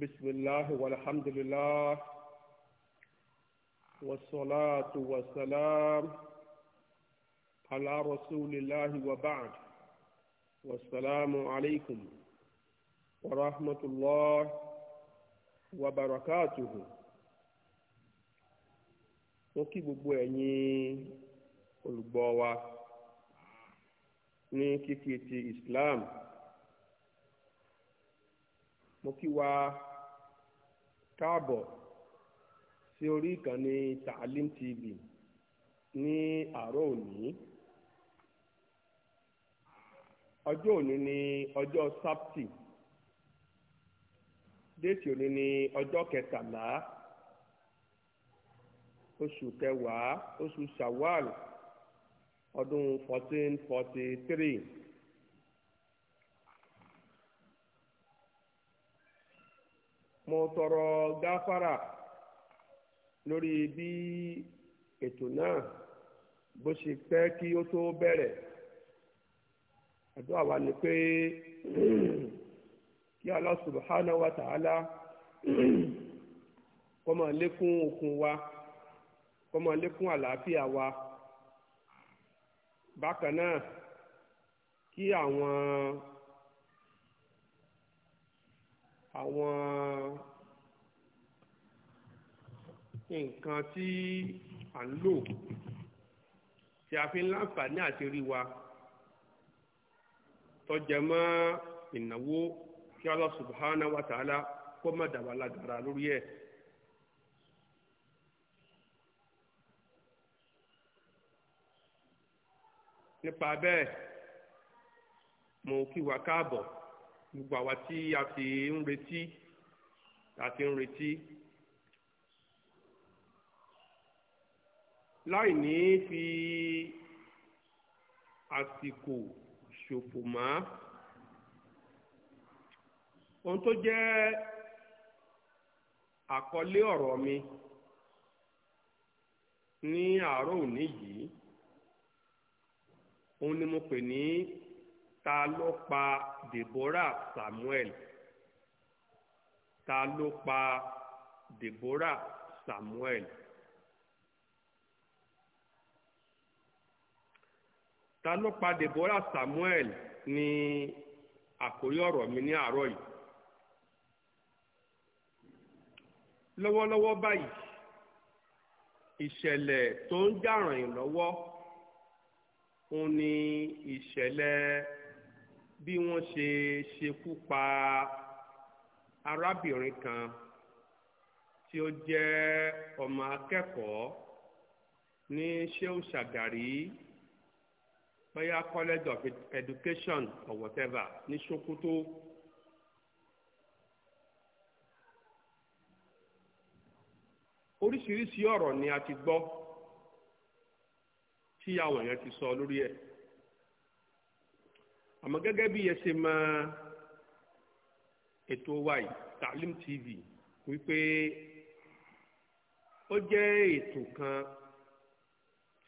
بسم الله والحمد لله والصلاة والسلام على رسول الله وبعد والسلام عليكم ورحمة الله وبركاته mo kí gbogbo ẹ̀yin olùgbọ́ wa ní kíkí ti Islam mo wa. káàbọ̀ sí orí ìkànnì Taalim TV ní àárọ̀ òní ọjọ́ òní ni ọjọ́ sábtì déètì òní ni ọjọ́ kẹtàlá oṣù kẹwàá oṣù shawara ọdún fourteen forty three. mo tọrọ gáfárà lórí bí ètò náà bó ṣe pẹ́ kí ó tó bẹ̀rẹ̀ àdúrà wa ni pé kí Allah subhanahu wa ta'ala kó máa lékún okun wa kó lékún àlàáfíà wa bákan náà kí àwọn àwọn nǹkan tí à ń lò tí a fi ń láǹfààní àti rí wa tọ́jẹ mọ́ ìnáwó kí Allah subhanahu wa ta'ala kó má dàbà lágara lórí ẹ̀. nípa bẹ́ẹ̀ mo kí wa káàbọ̀ gbogbo àwa tí a sì ń retí a sì ń retí láì ní fi àsìkò ṣòfò mọ́ ohun tó jẹ́ àkọlé ọ̀rọ̀ mi ní àárọ̀ òní yìí òun ni mo pè ní ta ló pa Deborah Samuel ta ló pa Deborah Samuel ta ló pa Deborah Samuel ní àkórí ọ̀rọ̀ mi ní àárọ̀ yìí lọ́wọ́lọ́wọ́ báyìí ìṣẹ̀lẹ̀ tó ń jà ràn yín lọ́wọ́ òun ni ìṣẹ̀lẹ̀ bí wọ́n ṣe ṣekú pa arábìnrin kan tí ó jẹ́ ọmọ akẹ́kọ̀ọ́ ní Shehu Shagari bóyá college of education or whatever ní Sokoto. oríṣiríṣi ọ̀rọ̀ ni a ti gbọ́ tí àwọn èèyàn ti sọ lórí ẹ̀ àmọ́ gẹ́gẹ́ bí ẹ ṣe máa ètò wa yìí TV wípé ó jẹ́ ètò kan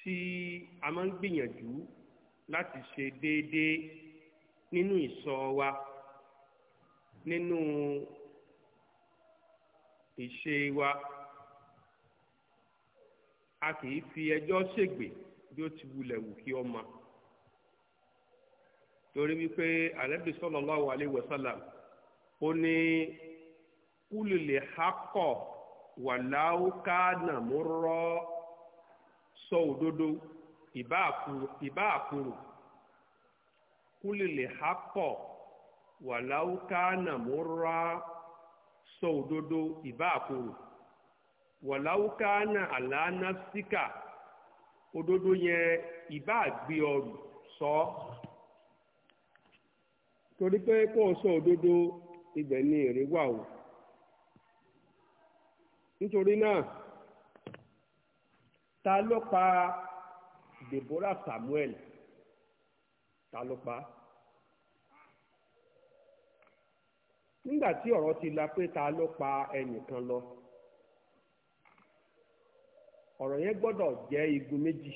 tí a máa ń gbìyànjú láti ṣe déédéé nínú ìsọ wa nínú ìṣe wa a kì í fi ẹjọ́ ṣègbè bí ó ti wulẹ̀ wù kí ọmọ torí wípé ànábì sallallahu alaihi wasallam ó ní kúlìlì hákọ wàláwó káànà múrọ sọ òdodo ìbá àkùrù kúlìlì hákọ wàláwó káànà múrọ sọ òdodo ìbá àkùrù wàláwó káànà àlànà síkà òdodo yẹn ìbá àgbé sọ. So, torí pé kó o sọ òdodo ibẹ̀ ni èrè wà o nítorí náà ta ló pa Deborah Samuel ta ló pa nígbà tí ọ̀rọ̀ ti la pé ta ló pa ẹnìkan lọ ọ̀rọ̀ yẹn gbọ́dọ̀ jẹ́ igun méjì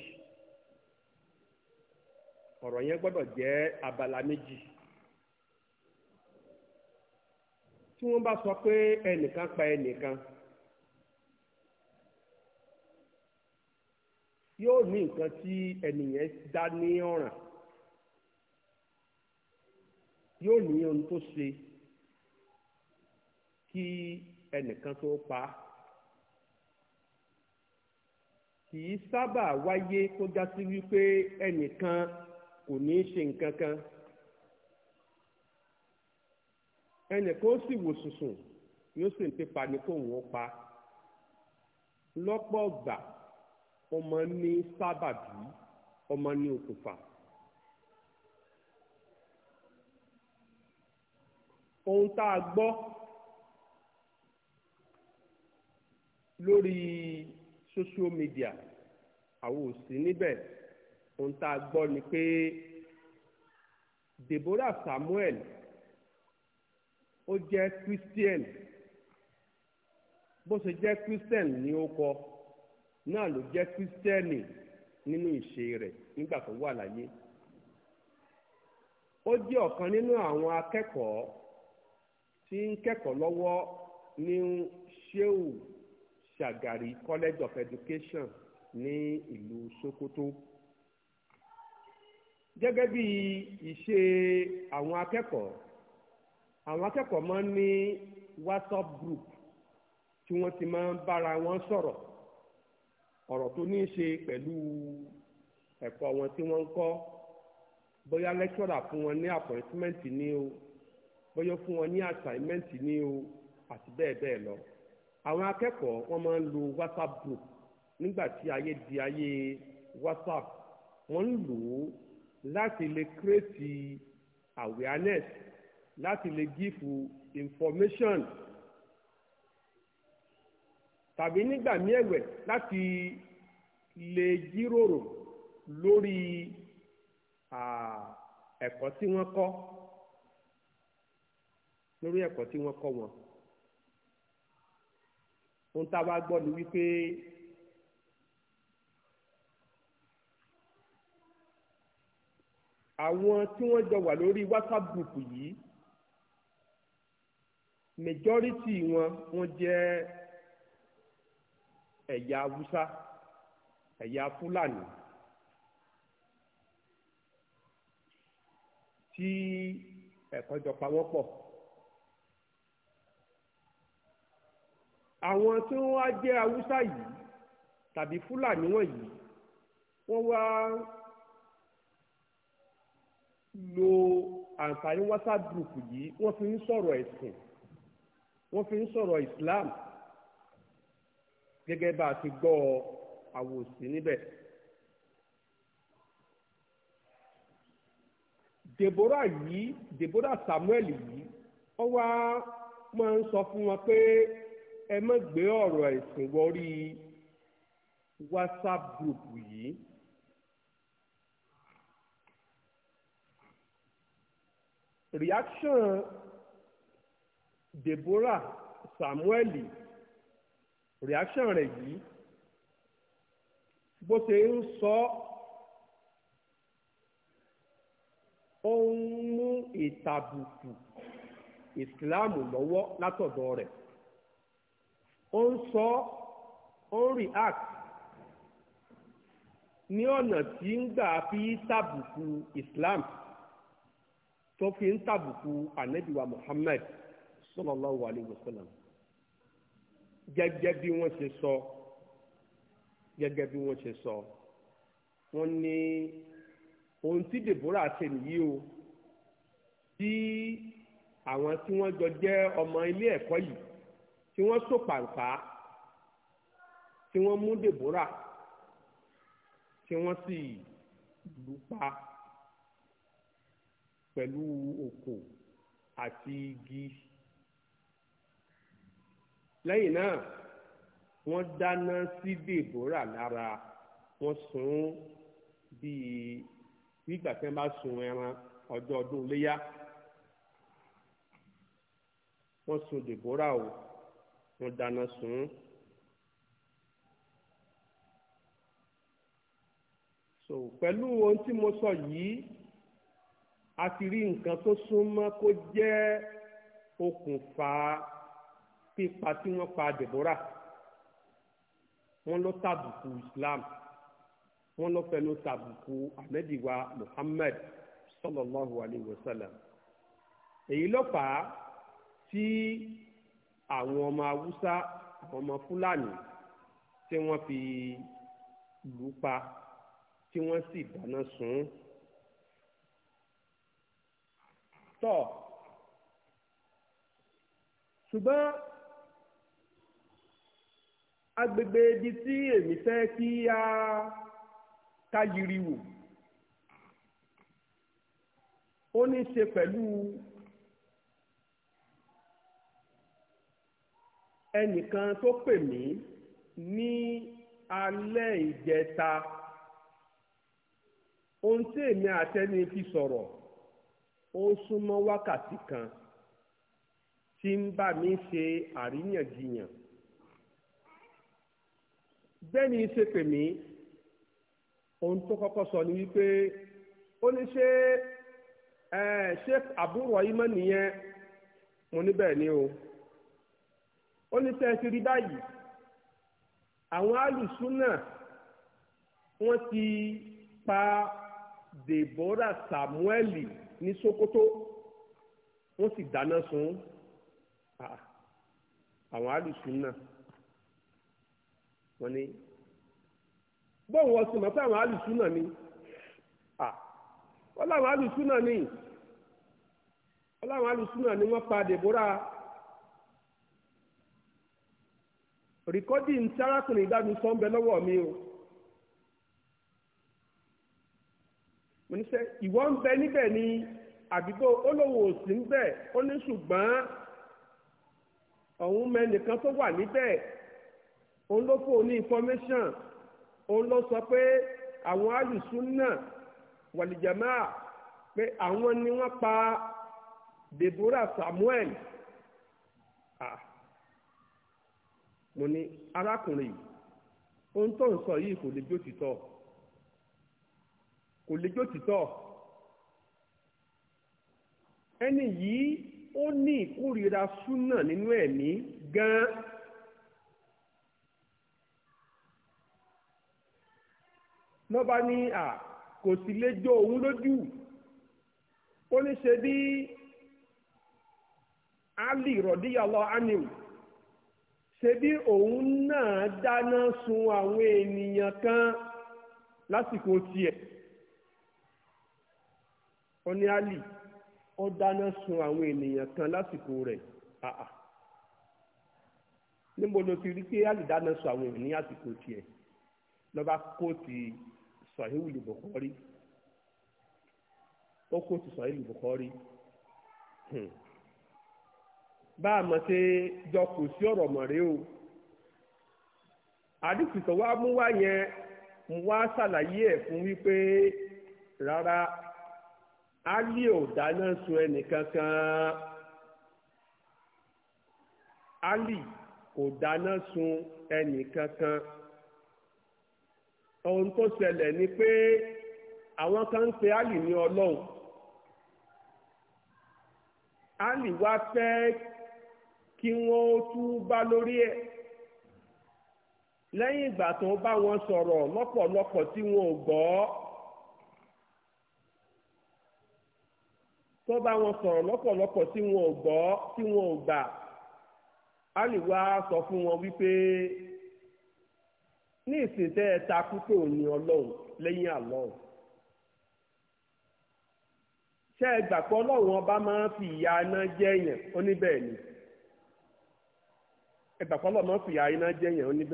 ọ̀rọ̀ yẹn gbọ́dọ̀ jẹ́ abala méjì. tí wọ́n bá sọ pé ẹnìkan pa ẹnìkan yóò ní nǹkan tí ẹnìyẹn dá ní ọ̀ràn yóò ní ohun tó ṣe kí ẹnìkan tó pa á kì í sábà wáyé kó já sí wípé ẹnìkan kò ní í ṣe nǹkan kan. kan ẹnìkan ó sì wò sùsùn yóò sì ń pípa ní kó òun pa lọ́pọ̀ ọ̀gbà ọmọ ní sábàbí ọmọ ní okùnfà. ohun tá a gbọ́ lórí social media àwọn òsì níbẹ̀ ohun tá a gbọ́ ni pé Deborah Samuel ó jẹ́ christian bó ṣe jẹ́ christian ni ó kọ náà ló jẹ́ christian nínú ìṣe rẹ̀ nígbà tó wà láyé ó jẹ́ ọ̀kan nínú àwọn akẹ́kọ̀ọ́ tí ń kẹ́kọ̀ọ́ lọ́wọ́ ní Shehu Shagari College of Education ní ìlú Sokoto gẹ́gẹ́ bí ìṣe àwọn akẹ́kọ̀ọ́ àwọn akẹ́kọ̀ọ́ máa ń ní whatsapp group tí wọ́n ti máa ń bára wọn sọ̀rọ̀ ọ̀rọ̀ tó ní í ṣe pẹ̀lú ẹ̀kọ́ wọn tí wọ́n ń kọ́ bóyá lẹ́kítọ́rà fún wọn ní appointment ní o bóyá fún wọn ní assignment ní o àti bẹ́ẹ̀ bẹ́ẹ̀ lọ àwọn akẹ́kọ̀ọ́ wọ́n máa ń lo whatsapp group nígbà tí ayé di ayé whatsapp wọ́n ń lò ó láti lè create awareness láti lè gífù information tàbí nígbà míì ẹ̀wẹ̀ láti lè jíròrò lórí ẹ̀kọ́ tí wọ́n kọ́ lórí ẹ̀kọ́ tí wọ́n kọ́ wọn ohun tá a bá gbọ́ ni wípé àwọn tí wọ́n jọ wà lórí WhatsApp group yìí majority wọn wọ́n jẹ́ ẹ̀yà haúsá ẹ̀yà fúlàní tí ẹ̀kọ́ jọ pa wọ́n pọ̀. àwọn tí wọ́n wá jẹ́ haúsá yìí tàbí fúlàní wọ̀nyí wọ́n wá lo àǹfààní whatsapp group yìí wọ́n fi ń sọ̀rọ̀ ẹ̀sìn wọ́n fi ń sọ̀rọ̀ Islam gẹ́gẹ́ bá a ti gbọ́ àwòsí níbẹ̀. Deborah yìí Deborah Samuel yìí ó wá máa ń sọ fún wọn pé ẹ má gbé ọ̀rọ̀ ẹ̀sìn wọrí WhatsApp group yìí. reaction Deborah Samueli reaction re yìí bó ṣe ń sọ ó ń mú ìtàbùkù ìsìláàmù lọ́wọ́ látọ̀dọ̀ rẹ̀ ó ń sọ ó ń react ní ọ̀nà tí ń gbà fi tàbùkù Islam tó fi ń tàbùkù Muhammad sallallahu alaihi wasallam gẹ́gẹ́ bí wọ́n ṣe sọ gẹ́gẹ́ bí wọ́n ṣe sọ wọ́n ní ohun tí Deborah ṣe nìyí o tí àwọn tí wọ́n jọ jẹ́ ọmọ ilé ẹ̀kọ́ yìí tí wọ́n so pàǹpá tí wọ́n mú Deborah tí wọ́n sì lù pa pẹ̀lú òkò àti igi lẹ́yìn náà wọ́n dáná sí dèbórà lára wọ́n sun bíi nígbà tí wọ́n bá sun ẹran ọjọ́ ọdún léyà wọ́n sun dèbórà o wọ́n dáná sun. so pẹ̀lú ohun tí mo sọ yìí a ti rí nǹkan tó súnmọ́ kó jẹ́ okùnfà pípa tí wọ́n pa Deborah wọ́n lọ tàbùkù Islam wọ́n lọ fẹnu tàbùkù ahmediwa Muhammad sallallahu alayhi wa sallam èyí ló fà á tí àwọn ọmọ Haúsá àwọn ọmọ Fúlàní tí wọ́n fi lù ú pa tí wọ́n sì dáná sun ún. tọ́ agbègbè ibi tí èmi fẹ́ kí a ká yiri wò ó ní í ṣe pẹ̀lú ẹnìkan tó pè mí ní alẹ́ ìjẹta ohun tí èmi àtẹni fi sọ̀rọ̀ ó súnmọ́ wákàtí kan tí ń bá mi ṣe àríyànjiyàn bẹ́ẹ̀ ni ṣe pè mí ohun tó kọ́kọ́ sọ ni wípé ó ní ṣe ṣe àbúrò ìmọ̀ nìyẹn mo ní bẹ́ẹ̀ ni o ó ní sẹ́ẹ̀ ti rí báyìí àwọn alùsùnà wọ́n ti pa Deborah Samuel ní Sokoto wọ́n sì dáná sun ah, àwọn alùsùnà. wọ́n ní bóun wọ́n sì mọ̀ ni wọ́n láwọn ni ni wọ́n pa debora rìkọ́dì tí arákùnrin ìdájú sọ mi o mo ní sẹ́ ń bẹ níbẹ̀ ni àdúgbò olówó òsì ń ó òun ló fún òun ní information òun ló sọ pé àwọn alùsùnà wàlìjàmá pé àwọn ni won pa Deborah Samuel ah mo ní arákùnrin yìí ohun tó ń sọ yìí kò lè jó títọ́ kò lè jó títọ́ ẹni yìí ó ní ìkórìíra súnà nínú gan-an. ló bá ní à kò sí lè jó òun lójú ó ní ṣe bí Ali rọ̀díyàlọ́ anim ṣe bí òun náà dáná sun àwọn ènìyàn kan lásìkò tiẹ̀ ó ní Ali ó dáná sun àwọn ènìyàn kan lásìkò rẹ̀ àà níbo ló ti rí pé Ali dáná sun àwọn ènìyàn lásìkò tiẹ̀ lọ́ba kóòtù sahihu libukori ó kó ti sahihu libukori hmm. bá a mọ̀ sí ọ̀rọ̀ o àdìsí tó yẹn mo wá ẹ̀ fún wípé rárá Ali ò sun kankan. ohun tó ṣẹlẹ̀ ni pé àwọn kan ń pe ali ní ọlọ́run ali wá fẹ́ kí wọ́n tú bá lórí ẹ̀ lẹ́yìn ìgbà tó bá wọn sọ̀rọ̀ lọ́pọ̀lọpọ̀ tí wọn ò gbọ́ tó bá wọn sọ̀rọ̀ lọ́pọ̀lọpọ̀ tí wọn ò gbọ́ tí wọn ò gbà ali wá sọ fún wọn wípé. ní ìsìn tẹ́ ẹ takú pé òun ni ọlọ́run lẹ́yìn àlọ́run ṣé maa gbà fi ìyà iná jẹ èèyàn ó ní bẹ́ẹ̀ ni ẹ gbà pé máa ń fi iná jẹ ó ni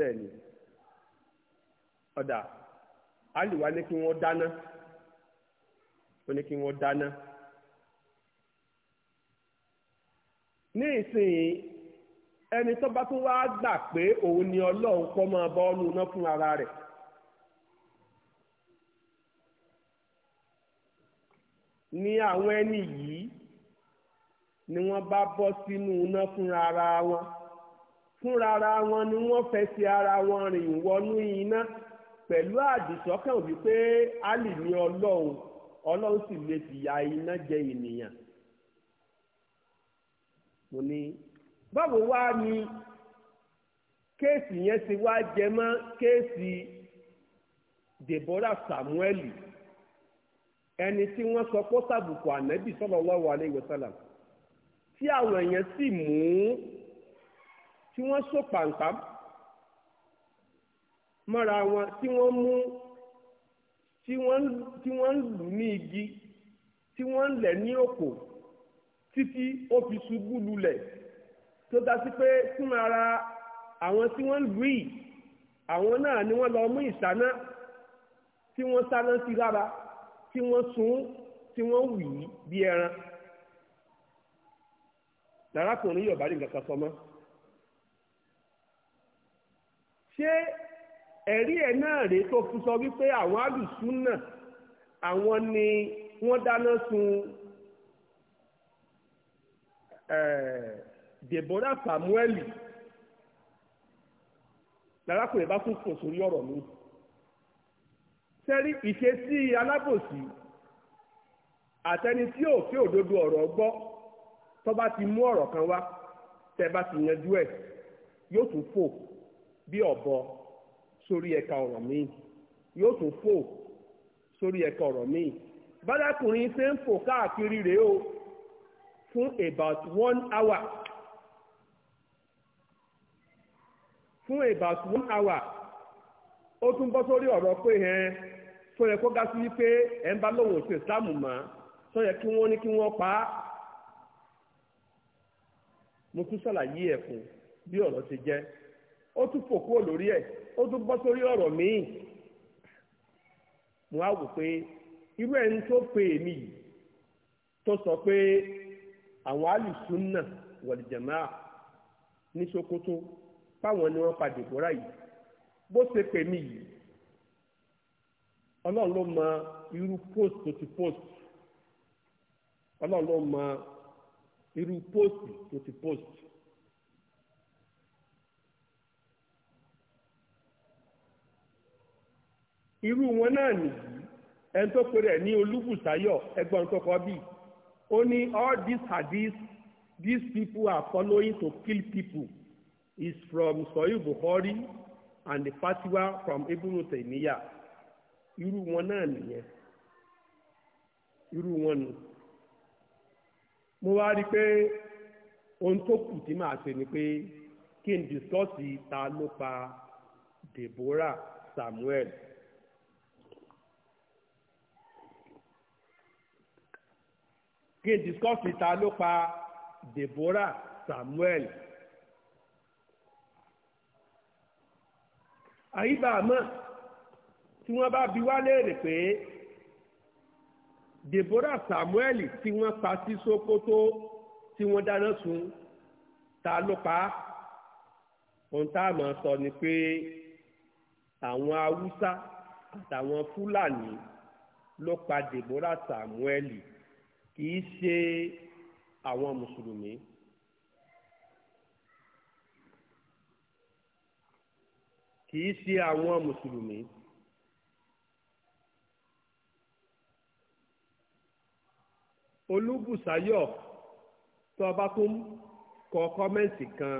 ní kí wọn dáná ẹni tó bá tún wá gbà pé òun ni ọlọ́run kọ́ máa bọ́ ọ́nù iná fún ara rẹ̀. ni àwọn ẹni yìí ni wọ́n bá bọ́ sínú iná fúnra ara wọn fúnra ara wọn ni wọ́n fẹsẹ̀ ara wọn rìn wọnú iná pẹ̀lú àdìsọ́kàn wípé Álì ni ọlọ́run ọlọ́run sì lè fìyà iná jẹ ènìyàn. mo ní báwo wá ni kéèsì yẹn ti wá jẹ mọ́ kéèsì Deborah Samuel ẹni tí wọ́n sọ pé sàbùkù ànábì sallallahu alaihi wasallam tí àwọn èèyàn sì mú tí wọ́n so pàǹpá mọ́ra wọn tí wọ́n mú tí wọ́n ń lù ní igi tí wọ́n ń lẹ̀ ní òkò títí ó fi ṣubú lulẹ̀ tó dá sí pé fún ara àwọn tí wọ́n ń lù yìí àwọn náà ni wọ́n lọ mú ìsáná tí wọ́n sáná sí lára tí wọ́n sun tí wọ́n wì í bí ẹran lárakùnrin yóò bá rí nǹkan kan sọ mọ́ ṣé ẹ̀rí ẹ̀ náà rèé tó fún sọ wípé àwọn alùsùn náà àwọn ni wọ́n dáná sun ẹ̀ẹ́. Deborah Samuel lárákùnrin bá tún fò sórí ọ̀rọ̀ mi sẹ́rí ìṣesí alábòsí àtẹni tí ò fi òdodo ọ̀rọ̀ gbọ́ tó bá ti mú ọ̀rọ̀ kan wá tẹ́ bá ti yanjú ẹ̀ yóò tún fò bí ọ̀bọ sórí ẹ̀ka ọ̀rọ̀ míì yóò tún fò sórí ẹ̀ka ọ̀rọ̀ míì bálákùnrin ṣe ń fò káàkiri rèé o fún about one hour fún about one hour ó tún bọ́ sórí ọ̀rọ̀ pé ẹ̀ fún yẹ kó gá sí pé ẹ̀ ń bá lóun òsè ìsìláàmù mọ́ tó yẹ kí wọ́n ní kí wọ́n pa á mo tún ṣàlàyé ẹ̀ fún bí ọ̀rọ̀ ti jẹ́ ó tún fò kúrò lórí ẹ̀ ó tún bọ́ sórí ọ̀rọ̀ míì mo á wò pé irú ẹni tó pe èmi yìí tó sọ pé àwọn alùsùn náà wọ̀lìjẹ̀má ní Sokoto báwọn ni wọ́n pa Dèbórà yìí bó ṣe pè mí yìí ọlọ́run ló mọ irú post tó ti post ọlọ́run ló mọ irú post tó ti post. irú wọn náà nìyí ẹni tó pe rẹ̀ ní olúbùsáyọ̀ ẹgbọ́n tó kọ́ bí ó ní all these hadiths these people are following to kill people. is from Sahih Bukhari and the fatwa from Ibn Taymiyyah iru wọn náà nìyẹn irú wọn nù mo wá rí pé ohun tó kù tí màá ṣe ni pé kí n dìskọ́sì ta ló pa Deborah Samuel. kí n dìskọ́sì ta ló pa Deborah Samuel. àyíbàámọ̀ tí wọ́n bá bi wá léèrè pé Deborah Samuel tí wọ́n pa sí Sókótó tí wọ́n dáná sun ta ló pa á ohun tá a máa sọ ni pé àwọn Haúsá àtàwọn Fúlàní ló pa Deborah Samuel kì í ṣe àwọn Mùsùlùmí. kì í ṣe àwọn mùsùlùmí. olúbùsáyọ̀ tó ọba tó ń kọ kọ́mẹ́ǹtì kan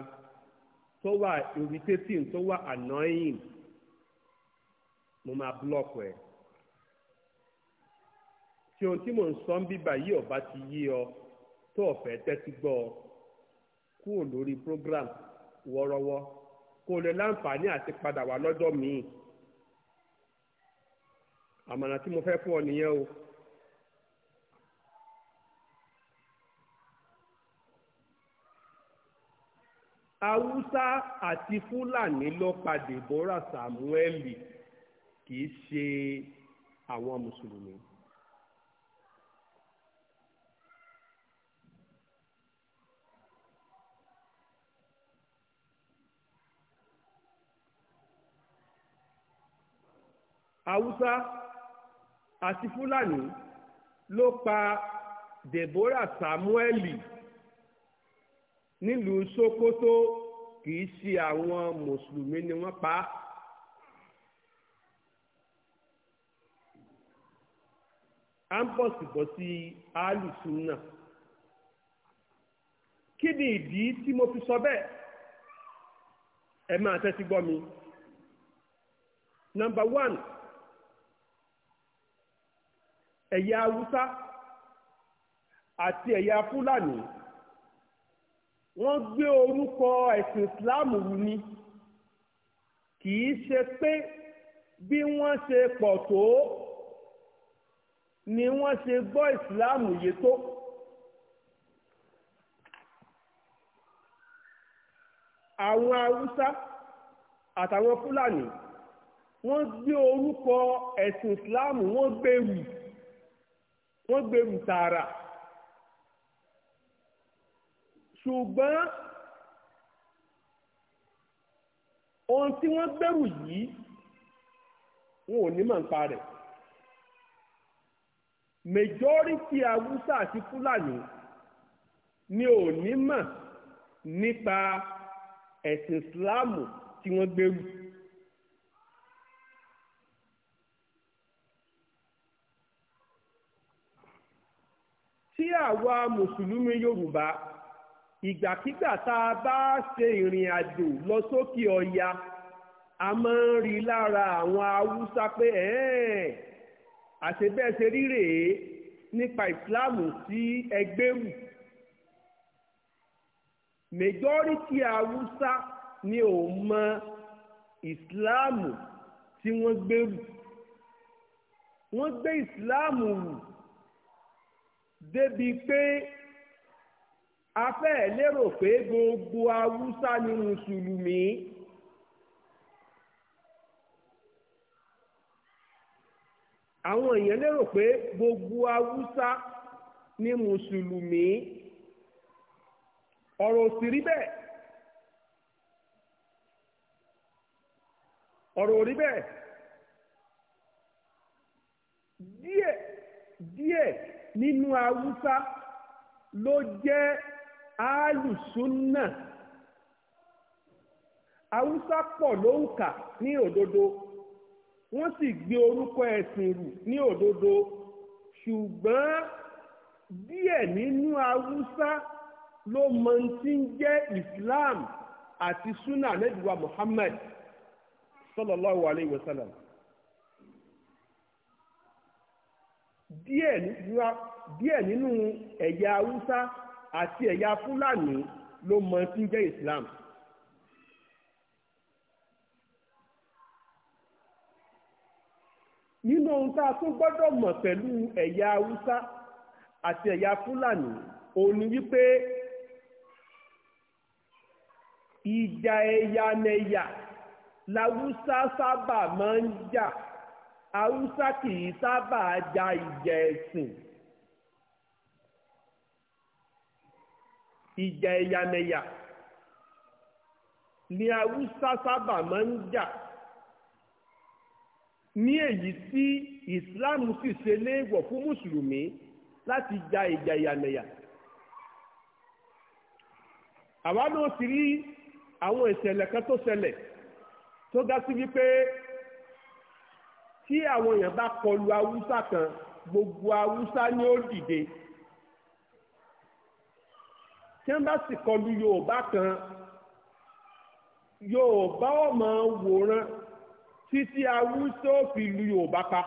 tó wà irritating tó wà annoying mo máa block ẹ̀ tí ohun tí mò ń sọ ń bíbà yìí ọba ti yí ọ tó ọ̀fẹ́ tẹ́tí gbọ́ ọ kúrò lórí program wọ́ọ́rọ́wọ́ kó lè láǹfààní àti padà wá lọ́jọ́ míì àmàlà tí mo fẹ́ fún ọ nìyẹn o. haúsá àti fúlàní ló pa Deborah Samuel kì í ṣe àwọn mùsùlùmí. haúsá àti fúlàní ló pa deborah samueli nílùú sokoto kì í ṣe àwọn mùsùlùmí ni wọ́n pa á. à ń bọ̀ sí bọ̀ sí alùsùn náà kí ni ìdí tí mo fi sọ bẹ́ẹ̀ ẹ máa tẹ́tí gbọ́ mi. number one ẹ̀yà haúsá àti ẹ̀yà fúlàní wọ́n gbé orúkọ ẹ̀sìn islam rù ni kì í ṣe pé bí wọ́n ṣe pọ̀ tó ni wọ́n ṣe gbọ́ islam yé tó. àwọn haúsá àtàwọn fúlàní wọ́n gbé orúkọ ẹ̀sìn islam wọ́n gbé rù wọ́n gbèrú tààrà ṣùgbọ́n ohun tí wọ́n gbèrú yìí wọn ò ní mọ̀ nípa rẹ̀ majority haúsá àti fúlàní ni ò ní mọ̀ nípa ẹ̀sìn ìsìláàmù tí wọ́n gbèrú. àwa mùsùlùmí yorùbá ìgbàkígbà tá a bá ṣe ìrìn àjò lọ sókè ọya a máa ń rí lára àwọn haúsá pé àṣebẹ́ṣe rí nípa ìsìláàmù sí ẹgbẹ́rù mẹjọ́rìtì haúsá ni ò mọ ìsìláàmù tí wọ́n gbẹ́rù wọ́n gbé ìsìláàmù rù débi pé a fẹ́ lérò pé gbogbo haúsá ni mùsùlùmí. àwọn èèyàn lérò pé gbogbo haúsá ni mùsùlùmí ọ̀rọ̀ ò rí bẹ́ẹ̀ ọ̀rọ̀ rí bẹ́ẹ̀ díẹ̀ díẹ̀ nínú haúsá ló jẹ́ alùsúnà haúsá pọ̀ lóǹkà ní òdodo wọ́n sì gbé orúkọ ẹ̀sìn rù ní òdodo ṣùgbọ́n díẹ̀ nínú haúsá ló mọ tí ń jẹ́ islam àti sunna nebiwa muhammad sallallahu alayhi wa sallam. díẹ̀ nínú ẹ̀yà haúsá àti ẹ̀yà fúlàní ló mọ tí jẹ́ islam. nínú ohun tá a tún gbọ́dọ̀ mọ̀ pẹ̀lú ẹ̀yà haúsá àti ẹ̀yà fúlàní òun ni wípé ìjà ẹ̀yà nẹ̀yà làwùsá sábà máa ń jà. Ja haúsá kì í sábà ja ìjà ẹ̀sìn ìjà ẹ̀yàmẹ̀yà ni haúsá sábà máa ń jà ní èyí tí islam sì ṣe léèwọ̀ fún mùsùlùmí láti ja ìjà ẹ̀yàmẹ̀yà àwa náà ti rí àwọn ìṣẹ̀lẹ̀ kan tó ṣẹlẹ̀ tó dá sí wípé tí àwọn èèyàn bá kọlu haúsá kan gbogbo haúsá ni ó dìde tí wọ́n bá sì kọlu yorùbá kan yorùbá ó máa wòran títí haúsá ó fi lu yorùbá pa.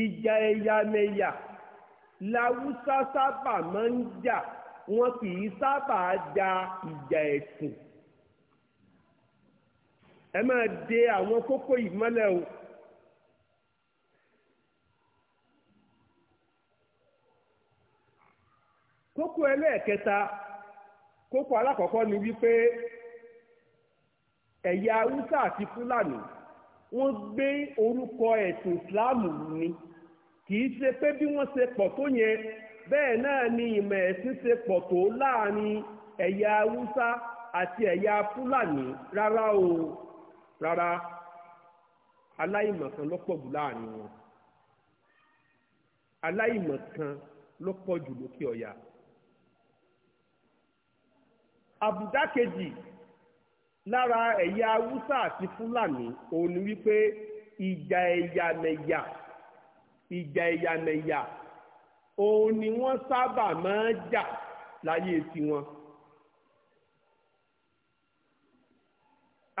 ìjà ẹ̀yàmẹ̀yà làwùsá sábà máa ń jà wọn kì í sábà ja ìjà ẹ̀sìn. ẹ máa de àwọn kókó yìí mọ́lẹ̀ o kókó ẹlẹ́ẹ̀kẹta kókó alákọ̀ọ́kọ́ ni wípé ẹ̀yà haúsá àti fúlàní wọ́n gbé orúkọ ẹ̀sìn islam ni kì í ṣe pé bí wọ́n ṣe pọ̀ tó yẹn bẹ́ẹ̀ náà ni ìmọ̀ ẹ̀sìn ṣe pọ̀ tó láàrin ẹ̀yà haúsá àti ẹ̀yà fúlàní rárá o. rárá aláìmọ̀kan ló pọ̀ jù láàrin wọn aláìmọ̀kan ló pọ̀ jù lókè ọ̀yà àbùdá kejì lára ẹ̀yà haúsá àti fúlàní òun ni wípé ìjà ẹ̀yàmẹ̀yà ìjà ẹ̀yàmẹ̀yà òun ni wọ́n sábà máa ń jà láyé tiwọn.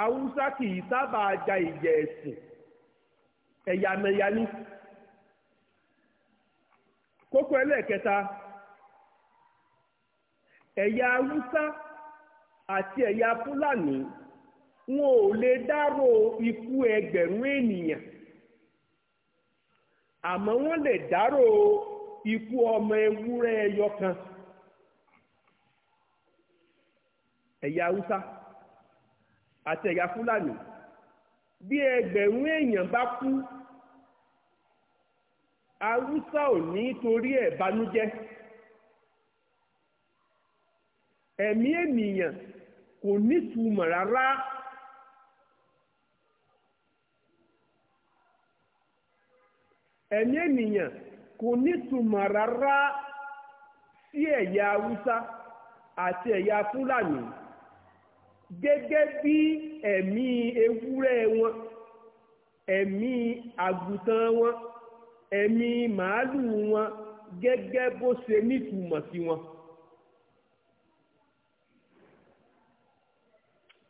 haúsá kì í sábà ja ìjà ẹ̀sìn ẹ̀yàmẹ̀yà ni kókó ẹlẹ́ẹ̀kẹta ẹ̀yà haúsá àti ẹ̀yà fúlàní wọn ò lè dárò ikú ẹgbẹ̀rún ènìyàn àmọ́ wọ́n lè dárò ikú ọmọ ewúrẹ́ ẹyọ kan ẹ̀yà haúsá. E àti ẹ̀yà fúlàní bí ẹgbẹ̀rún èèyàn bá kú haúsá ò ní torí ẹ̀ banújẹ́ ẹ̀mí ènìyàn kò nítumọ̀ rárá. ẹ̀mí ènìyàn kò nítumọ̀ rárá sí ẹ̀yà haúsá àti ẹ̀yà fúlàní. gẹ́gẹ́ bí ẹ̀mí ewúrẹ́ wọn ẹ̀mí àgùntàn wọn ẹ̀mí màálù wọn gẹ́gẹ́ bó ṣe nítumọ̀ sí wọn.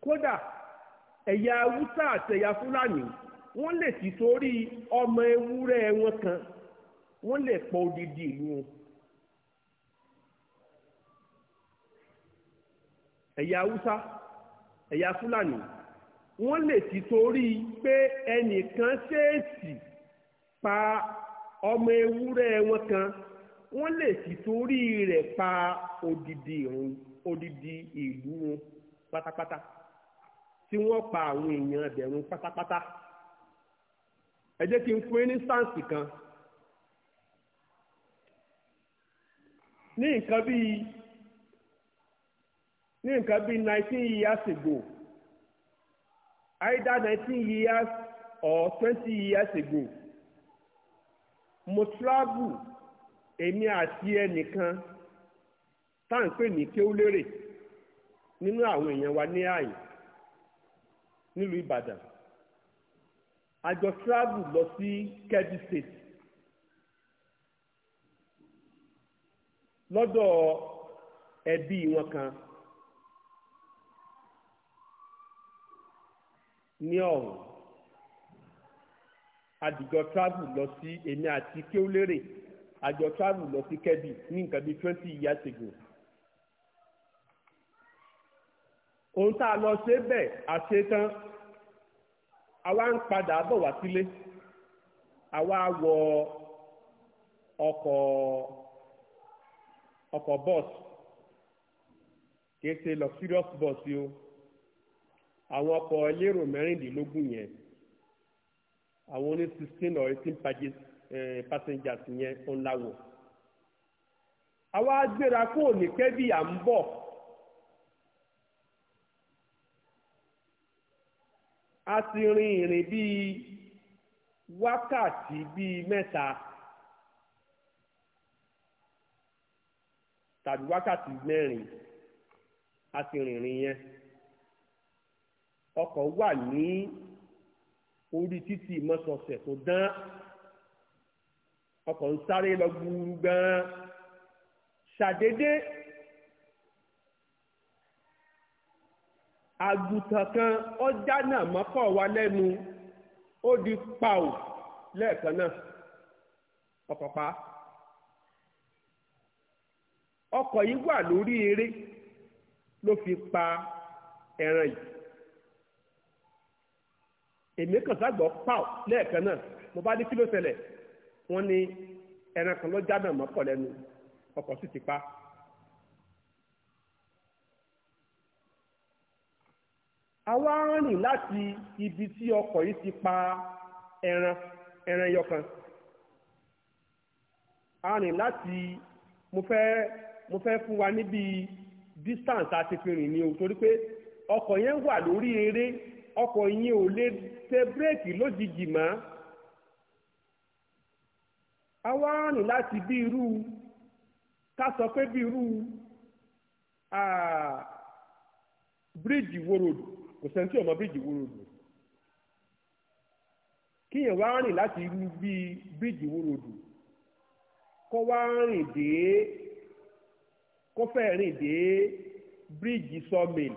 kódà ẹ̀yà àti ẹ̀yà fúlàní wọ́n lè ti torí ọmọ ewúrẹ́ wọn kan wọ́n lè pọ̀ odidi ìlú wọn. ẹ̀yà haúsá ẹ̀yà fúlàní wọ́n lè ti torí pé ẹnìkan ṣèèṣì pa ọmọ ewúrẹ́ wọn kan wọ́n lè ti torí rẹ̀ pa odidi ìrùn odidi ìlú wọn pátápátá tí wọ́n pa àwọn èèyàn ẹ̀bẹ̀rún pátápátá ẹ jẹ́ kí n fún yín ní sáǹsì kan ní nǹkan bíi ní nǹkan bíi nineteen years ago either nineteen years or twenty years ago mo travel èmi àti ẹnìkan tá à ń pè ní kéwúlérè nínú àwọn èèyàn wa ní àyè nílùú Ìbàdàn travel lọ sí Kebbi State lọ́dọ̀ ẹbí wọn kan. ní ọ̀hún àdìjọ travel lọ sí èmi àti kéwlérè àjọ travel lọ sí kẹ́bì ní nǹkan bíi twenty years ago ohun tá a lọ ṣe bẹ́ẹ̀ àṣetán àwa ń padà bọ̀ wá sílé àwa wọ ọkọ̀ ọkọ̀ bọ́ọ̀sì ṣe luxurious bọ́ọ̀sì o. àwọn ọkọ̀ elérò mẹ́rìndínlógún yẹn àwọn oní sixteen or eighteen eh, passengers yẹn ó ń láwọ̀ àwa gbéra kó ní kẹ́bí à ń bọ̀ a ti rin ìrìn bíi wákàtí bíi mẹ́ta tàbí wákàtí mẹ́rin a ti rìnrìn yẹn. ọkọ̀ wà ní orí títì mọ́sọ̀ọ̀sẹ̀ tó dán ọkọ̀ ń sáré lọ gbúrú gan-an ṣàdédé àgùntàn kan ọjà náà mọ́kọ̀ wa lẹ́nu ó di pàù lẹ́ẹ̀kan náà ọkọ̀ pa ọkọ̀ yìí wà lórí eré ló fi pa ẹran yìí èmi kàn ságbọ́ pàù lẹ́ẹ̀kan náà mo bá ní kí ló ṣẹlẹ̀ wọ́n ní ẹran kan ló jábẹ̀ mọ́kọ̀ lẹ́nu ọkọ̀ sì ti pa. àwa rìn láti ibi tí ọkọ̀ yìí ti pa ẹran ẹran yọkan a rìn láti mo fẹ́ mo fẹ́ fún wa níbi distance àti fi rìn ni o torí pé ọkọ̀ yẹn wà lórí eré ọkọ̀ yín ò lè tẹ bírèkì lójijì mọ́ àwa rìn láti bí irú ká sọ pé bí irú bíríìjì wo ròdù kò sẹ́ni tí ò mọ bíríìjì wo ròdù kíyàn wá rìn láti irú bíi bíríìjì wo ròdù wá rìn dé kó fẹ́ rìn dé bíríìjì sawmill.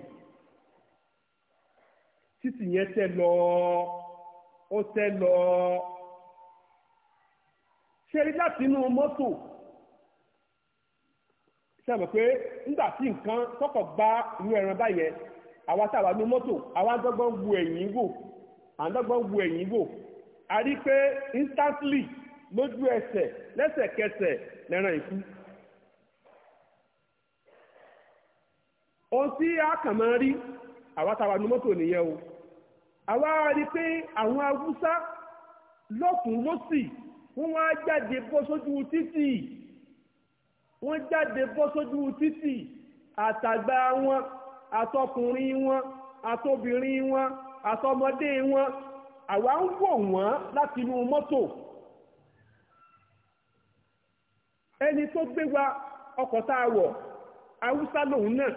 títì yẹn tẹ́ lọ ó tẹ́ lọ ṣe rí láti inú mọ́tò ṣe mọ̀ pé nígbà tí nǹkan tọkọ̀ gba inú ẹran báyẹn àwa tá a wà ní mọ́tò àwa dọ́gbọ́n wu ẹ̀yìn wò à ń dọ́gbọ́n wu ẹ̀yìn wò a rí pé instantly lójú ẹsẹ̀ lẹ́sẹ̀kẹsẹ̀ lẹ́ràn ìkú. ohun tí a kàn máa rí àwa tá ní mọ́tò nìyẹn o. àwa rí pé àwọn haúsá lọ́tún lọ́sì wọ́n wá jáde bọ́ sójú títì wọ́n jáde bọ́ sójú títì àtàgbà wọn àtọkùnrin wọn àtobìnrin wọn àtọmọdé wọn àwa ń wọ̀ wọ́n láti inú mọ́tò ẹni tó gbé wa ọkọ̀ tá a wọ̀ haúsá lòun náà.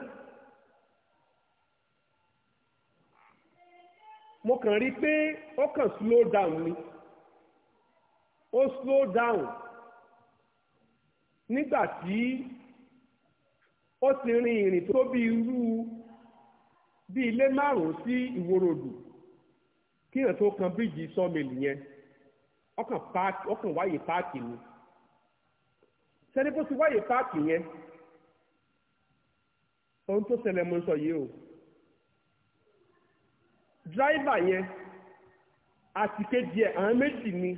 mo kàn rí pé ó kàn slow down ni ó slow down nígbà tí ó ti rin ìrìn tó bí irú bí ilé márùn-ún sí ìwòròdù kí èèyàn tó kan bíríìjì sọ́ọ̀mìlì yẹn ó kàn páàkì ó kàn wáyé páàkì ni sẹ́ni bó ti wáyé páàkì yẹn ohun tó ṣẹlẹ̀ mo sọ yìí o dráìvà yẹn àti kejì ẹ̀ àwọn méjì ni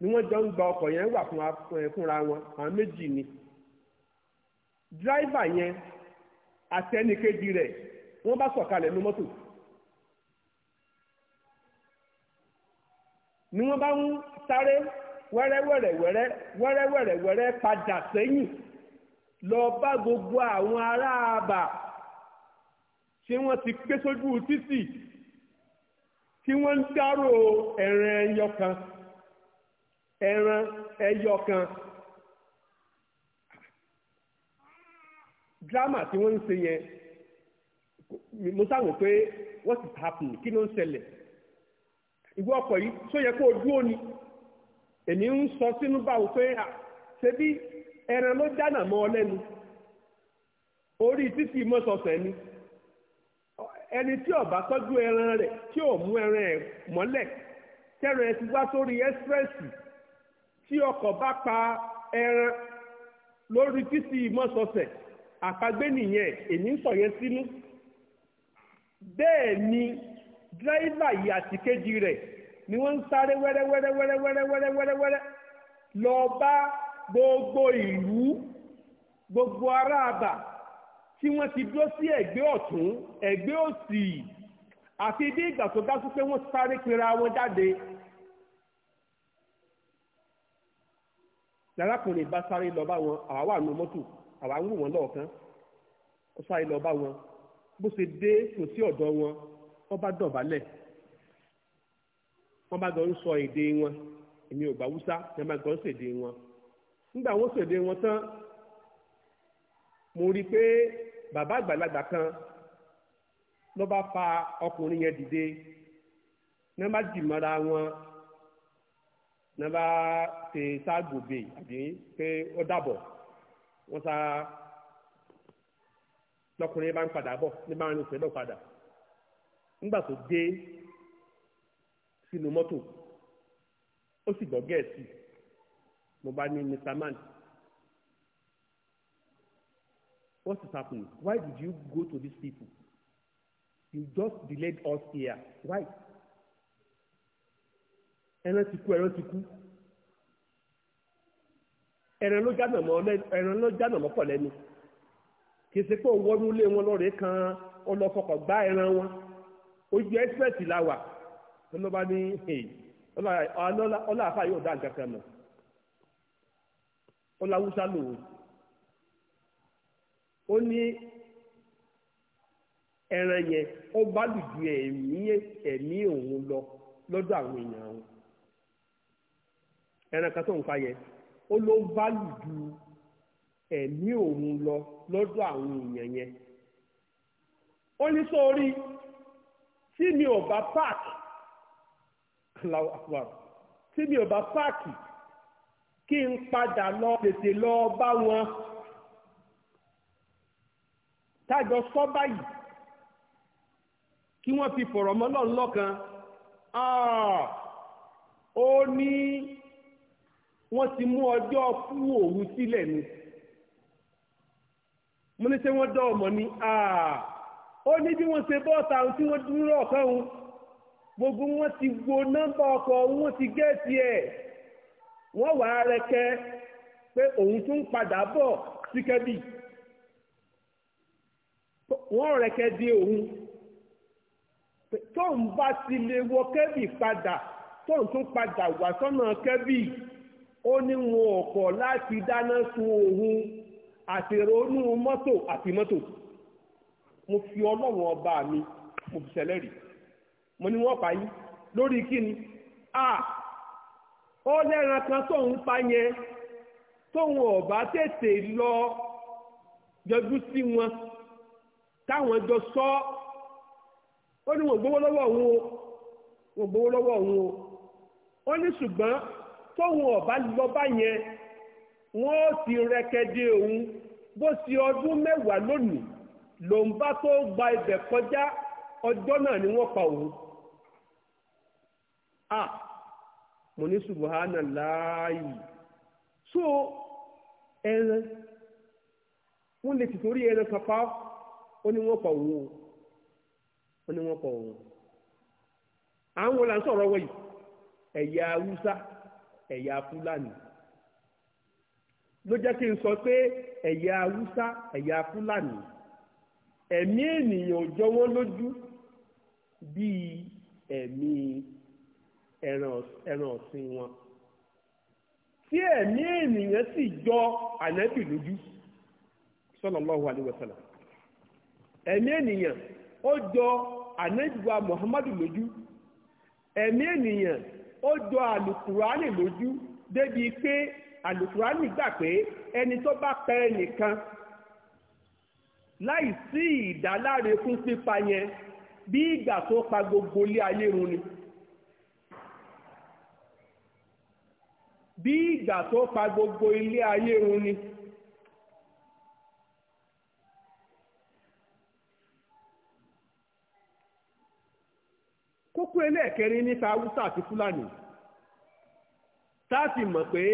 ni wọ́n jọ ń gba ọkọ̀ yẹn wà fúnra wọn àwọn méjì ni dráìvà yẹn àti ẹni kejì rẹ̀ wọ́n bá sọ̀kalẹ̀ ní mọ́tò ni wọ́n bá ń sáré wẹ́rẹ́wẹ́rẹ́wẹ́rẹ́ wẹ́rẹ́wẹ́rẹ́wẹ́rẹ́ padà sẹ́yìn lọ bá gbogbo àwọn aráàbà ṣé wọ́n ti pé sójú títì tí wọ́n ń dárò ẹran ẹyọ kan ẹran ẹyọ kan drama tí wọn ń ṣe yẹn mo sáwọn pé what is happening kí ló ń ṣẹlẹ̀ ìwé ọkọ̀ yìí tó yẹ kó o dúró ni èmi ń sọ sínú báwo pé ṣebí ẹran ló dáná mọ́ ọ lẹ́nu orí títì mọ́sọ̀ọ̀sẹ̀ ni. ẹni tí ó bá tọ́jú ẹran rẹ̀ tí ò mú ẹran ẹ̀ mọ́lẹ̀ tẹ́ran ẹ ti wá sórí ẹ́sírẹ́sì tí ọkọ̀ bá pa ẹran lórí títí mọ́sọ̀ọ̀sẹ̀ àpagbé nìyẹn èmi ń sọ yẹn sínú bẹ́ẹ̀ ni dírẹ́fà yìí àti kejì rẹ̀ ni wọ́n ń sáré wẹ́rẹ́wẹ́rẹ́wẹ́rẹ́wẹ́rẹ́wẹ́rẹ́ lọ bá gbogbo ìlú gbogbo ará àbà tí wọ́n ti dúró sí ẹ̀gbẹ́ ọ̀tún ẹ̀gbẹ́ òsì àfi bí ìgbà tó dájú pé wọ́n sáré pera wọn jáde lárákùnrin bá sáré lọ bá wọn àwa wà nù mọ́tò àwa ń wò wọ́n lọ́ọ̀kan ó sáré lọ bá wọn bó ṣe dé kò sí ọ̀dọ̀ wọn wọ́n bá dọ̀bálẹ̀ wọ́n bá gan ń sọ èdè wọn èmi ò gbà wúsá ẹ máa gan ń wọn nígbà wọ́n ṣèdè wọn tán mo rí i pé bàbá àgbàlagbà kan ló bá fa ọkùnrin yẹn dìde ní wọ́n bá dì mọ́ra wọn ní wọ́n bá ṣe ságòbè àbí pé ó dàbọ̀ wọ́n sá lọkùnrin bá ń padà bọ̀ ní bá ń rìn fẹ́lọ́ padà nígbà tó dé sínú mọ́tò ó sì gbọ́ gẹ̀ẹ́sì mo bá ní mr man What is happening? Why did you go to these people? You just delayed us here. Why? Ẹran ti kú, ẹran ti kú. Ẹran ló jánà mọ́ ẹran ló jánà mọ́ pọ̀ lẹ́nu. Kì pé òwúrọ̀ ilé wọn lọ́rẹ̀ẹ́ kan ọlọ́fọkọ̀ gbá ẹran wọn. Ojú ẹ́sìpẹ̀tì la wà. Ọlọ́ba ní ọlọ́àfà yóò dá nǹkan kan mọ̀. Ọlọ́wúsá lòun ó ní ẹran yẹn ó bá lùdú ẹ̀mí ẹ̀mí òun lọ lọ́dọ̀ àwọn èèyàn òun ẹran kan tó ń pa yẹn ó ló bá lùdú ẹ̀mí òun lọ lọ́dọ̀ àwọn èèyàn yẹn ó ní sórí tí mi ò bá páàkì aláwọ̀ àpòwàrọ̀ tí mi ò bá páàkì kí n padà lọ tètè lọ bá wọn tájọ sọ báyìí kí wọ́n fi fọ̀rọ̀ mọ́ lọ́n lọ́kan ah, ó ní wọ́n ti mú ọjọ́ fún òun sílẹ̀ ni mo ní ṣé wọ́n dọ́ ọmọ ni ah, ó ní bí wọ́n ṣe bọ́ọ̀ta ohun tí wọ́n dúró ọ̀kan ohun gbogbo wọn ti wo nọ́mbà ọkọ̀ wọn ti gẹ́ẹ̀tì ẹ̀ wọ́n wà á rẹkẹ pé òun tún padà bọ̀ síkẹ́bì. Si wọ́n rẹ̀kẹ́ dé òun tóun bá ti lè wọ kẹ́bì padà tóun tún padà wà sọ́nà kẹ́bì ó ní wọn ò kọ̀ láti dáná sun òun àti ronú mọ́tò àti mọ́tò mo fi ọlọ́run ọba mi mo fi ṣẹlẹ́rìí mo ní wọ́n pa yín lórí kíni a ó lẹ́ran kan tóun pa yẹn tóun ọba tètè lọ yọjú sí wọn. táwọn jọ sọ ó ní gbowó lọ́wọ́ òun o gbowó lọ́wọ́ òun o ó ní ṣùgbọ́n tóun ọ̀bá lọ bá yẹn wọ́n ti rẹkẹdẹ bó ṣe ọdún mẹ́wàá lónìí tó gba ibẹ̀ kọjá ọjọ́ náà ni wọ́n pa a mo ní subuhana láàyè so ẹran lè tìtorí ẹran ó ní wọ́n kọ òun o ó ní wọ́n kọ òun àwọn wo là ń sọ̀rọ̀ wọ̀nyí ẹ̀yà haúsá ẹ̀yà fúlàní ló jẹ́ kí n sọ pé ẹ̀yà haúsá ẹ̀yà fúlàní ẹ̀mí ènìyàn ò jọ wọ́n lójú bíi ẹ̀mí ẹran ọ̀sìn wọn tí ẹ̀mí ènìyàn sì jọ ànábì lójú sallallahu alaihi wasallam ẹ̀mí ènìyàn ó jọ ànájùwà Muhammadu lójú ẹ̀mí ènìyàn ó jọ Alukurani lójú débi pé Alukurani gbà pé ẹni tó bá pa ẹnìkan láì sí ìdáláre fún pípa yẹn bí ìgbà tó pa gbogbo ilé ayé run ni. bí ìgbà tó pa gbogbo ilé ayé run ni. kókó ẹlẹ́ẹ̀kẹrin nípa haúsá àti fúlàní táàtì mọ̀ pé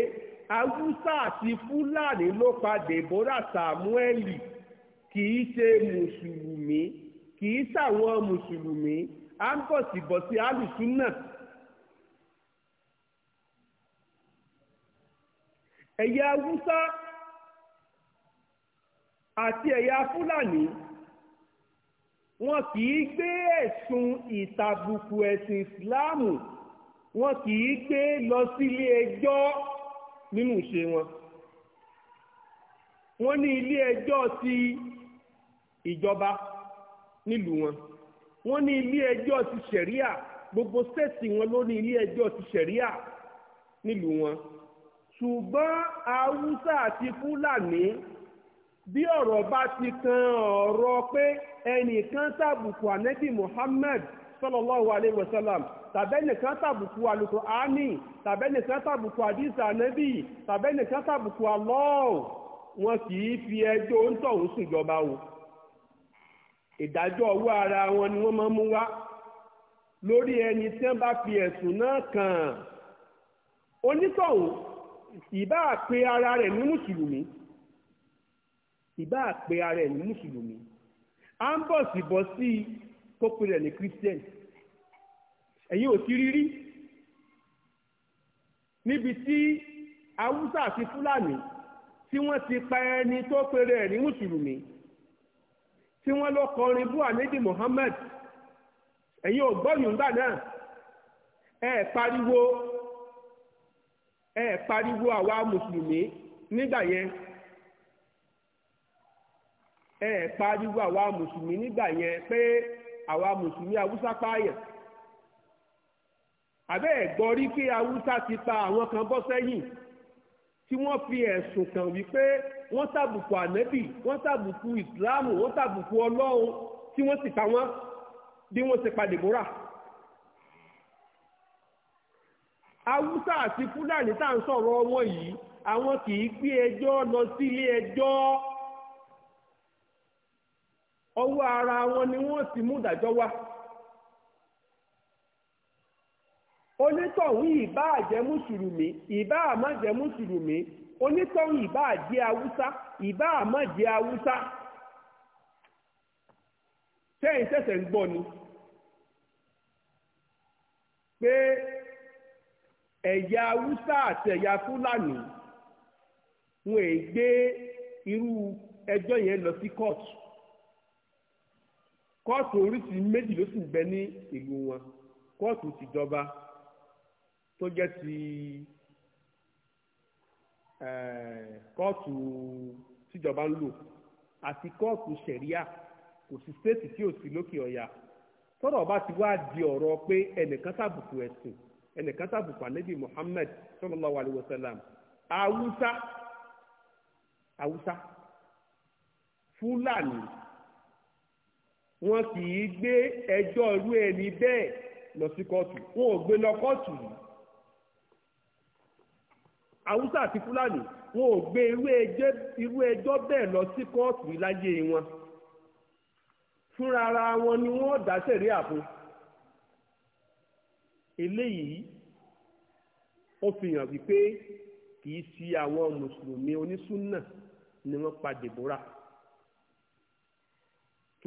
hausa àti fúlàní ló pa Deborah Samuel kì í ṣe mùsùlùmí kì í ṣàwọn mùsùlùmí à ń bọ̀ sí bọ̀ sí alùsùn wọn kì í gbé ẹ̀sùn ìtàbùkù ẹ̀sìn ìsìláàmù wọn kì í gbé lọ sílé ẹjọ́ nínú ìṣe wọn wọ́n ní ilé ẹjọ́ ti ìjọba nílùú wọn wọ́n ní ilé ẹjọ́ ti ṣẹ̀ríà gbogbo sẹ́ẹ̀tì wọn ló ní ilé ẹjọ́ ti ṣẹ̀ríà nílùú wọn ṣùgbọ́n haúsá àti fúlàní bí ọ̀rọ̀ bá ti kan ọ̀rọ̀ pé ẹnìkan tàbùkù ànẹ́bì Muhammad sallallahu alaihi wasallam tàbẹ́nìkan tàbùkù Al-Qur'ani tàbẹ́nìkan tàbùkù àdìsí ànẹ́bì tàbẹ́nìkan tàbùkù Allah wọn kì í fi ẹjọ́ ń o ìdájọ́ ara wọn ni wọ́n máa mú wá lórí ẹni tí wọ́n bá fi ẹ̀sùn náà kàn onítọ̀hún ìbá pe ara rẹ̀ ní mùsùlùmí ìbá àpè ara ẹ̀ ní mùsùlùmí à ń bọ̀ sí bọ́ sí kópe rẹ̀ ní christian ẹ̀yin ò ti rírí níbi tí haúsá àti fúlàní tí wọ́n ti pa ẹni tó pèrè ẹ̀ ní mùsùlùmí tí wọ́n lọ kọrin bú ànídì Muhammad ẹ̀yin ò gbọ́ yùngbà náà ẹ pariwo ẹ pariwo àwa mùsùlùmí nígbà yẹn ẹ ẹ̀ pariwo àwa mùsùlùmí nígbà yẹn pé àwa mùsùlùmí haúsá pààyàn àbẹ́ ẹ̀ gbọ́ rí pé haúsá ti pa àwọn kan bọ́ sẹ́yìn tí wọ́n fi ẹ̀sùn kàn wípé wọ́n tàbùkù ànẹ́bì wọ́n tàbùkù ìsìláàmù wọ́n tàbùkù ọlọ́run tí wọ́n sì pa wọ́n bí wọ́n ṣe pa Dèbórà. haúsá àti fúlàní tá à ń sọ̀rọ̀ wọn yìí àwọn kì í gbé ẹjọ́ lọ sílé ẹjọ́ ọwọ́ ara wọn ni wọ́n ti mú ìdájọ́ wá onítọ̀hún ìbá àjẹ́ mùsùlùmí ìbá àmọ́jẹ́ mùsùlùmí onítọ̀hún ìbá àjẹ́ haúsá ìbá àmọ́jẹ́ haúsá sẹ́yìn ṣẹ̀ṣẹ̀ ń gbọ́ ni pé ẹ̀yà haúsá àti ẹ̀yà fúlàní wọn è gbé irú ẹjọ́ yẹn lọ sí kóòtù kóòtù oríṣi méjì ló sì ń bẹ ní ìlú wọn kóòtù tìjọba tó jẹ́ ti kóòtù tìjọba ń lò àti kóòtù sẹ̀ríà kò sí stéètì tí ò sí lókè ọ̀yà tọ́rọ̀ bá ti wá di ọ̀rọ̀ pé ẹnìkan tàbùkù ẹ̀sìn ẹnìkan tàbùkù ànábì Muhammad sallallahu alaihi wasallam haúsá haúsá fúlàní wọn kì í gbé ẹjọ́ irú ẹni bẹ́ẹ̀ lọ sí kóòtù wọn ò gbé lọ kóòtù yìí haúsá àti fúlàní wọn ò gbé irú ẹjọ́ bẹ́ẹ̀ lọ sí kóòtù láyé wọn fúnra ara wọn ni wọn dá sẹ̀rí àfún eléyìí ó fi hàn wípé kì í ṣe àwọn mùsùlùmí onísúnnà ni wọ́n pa Dèbórà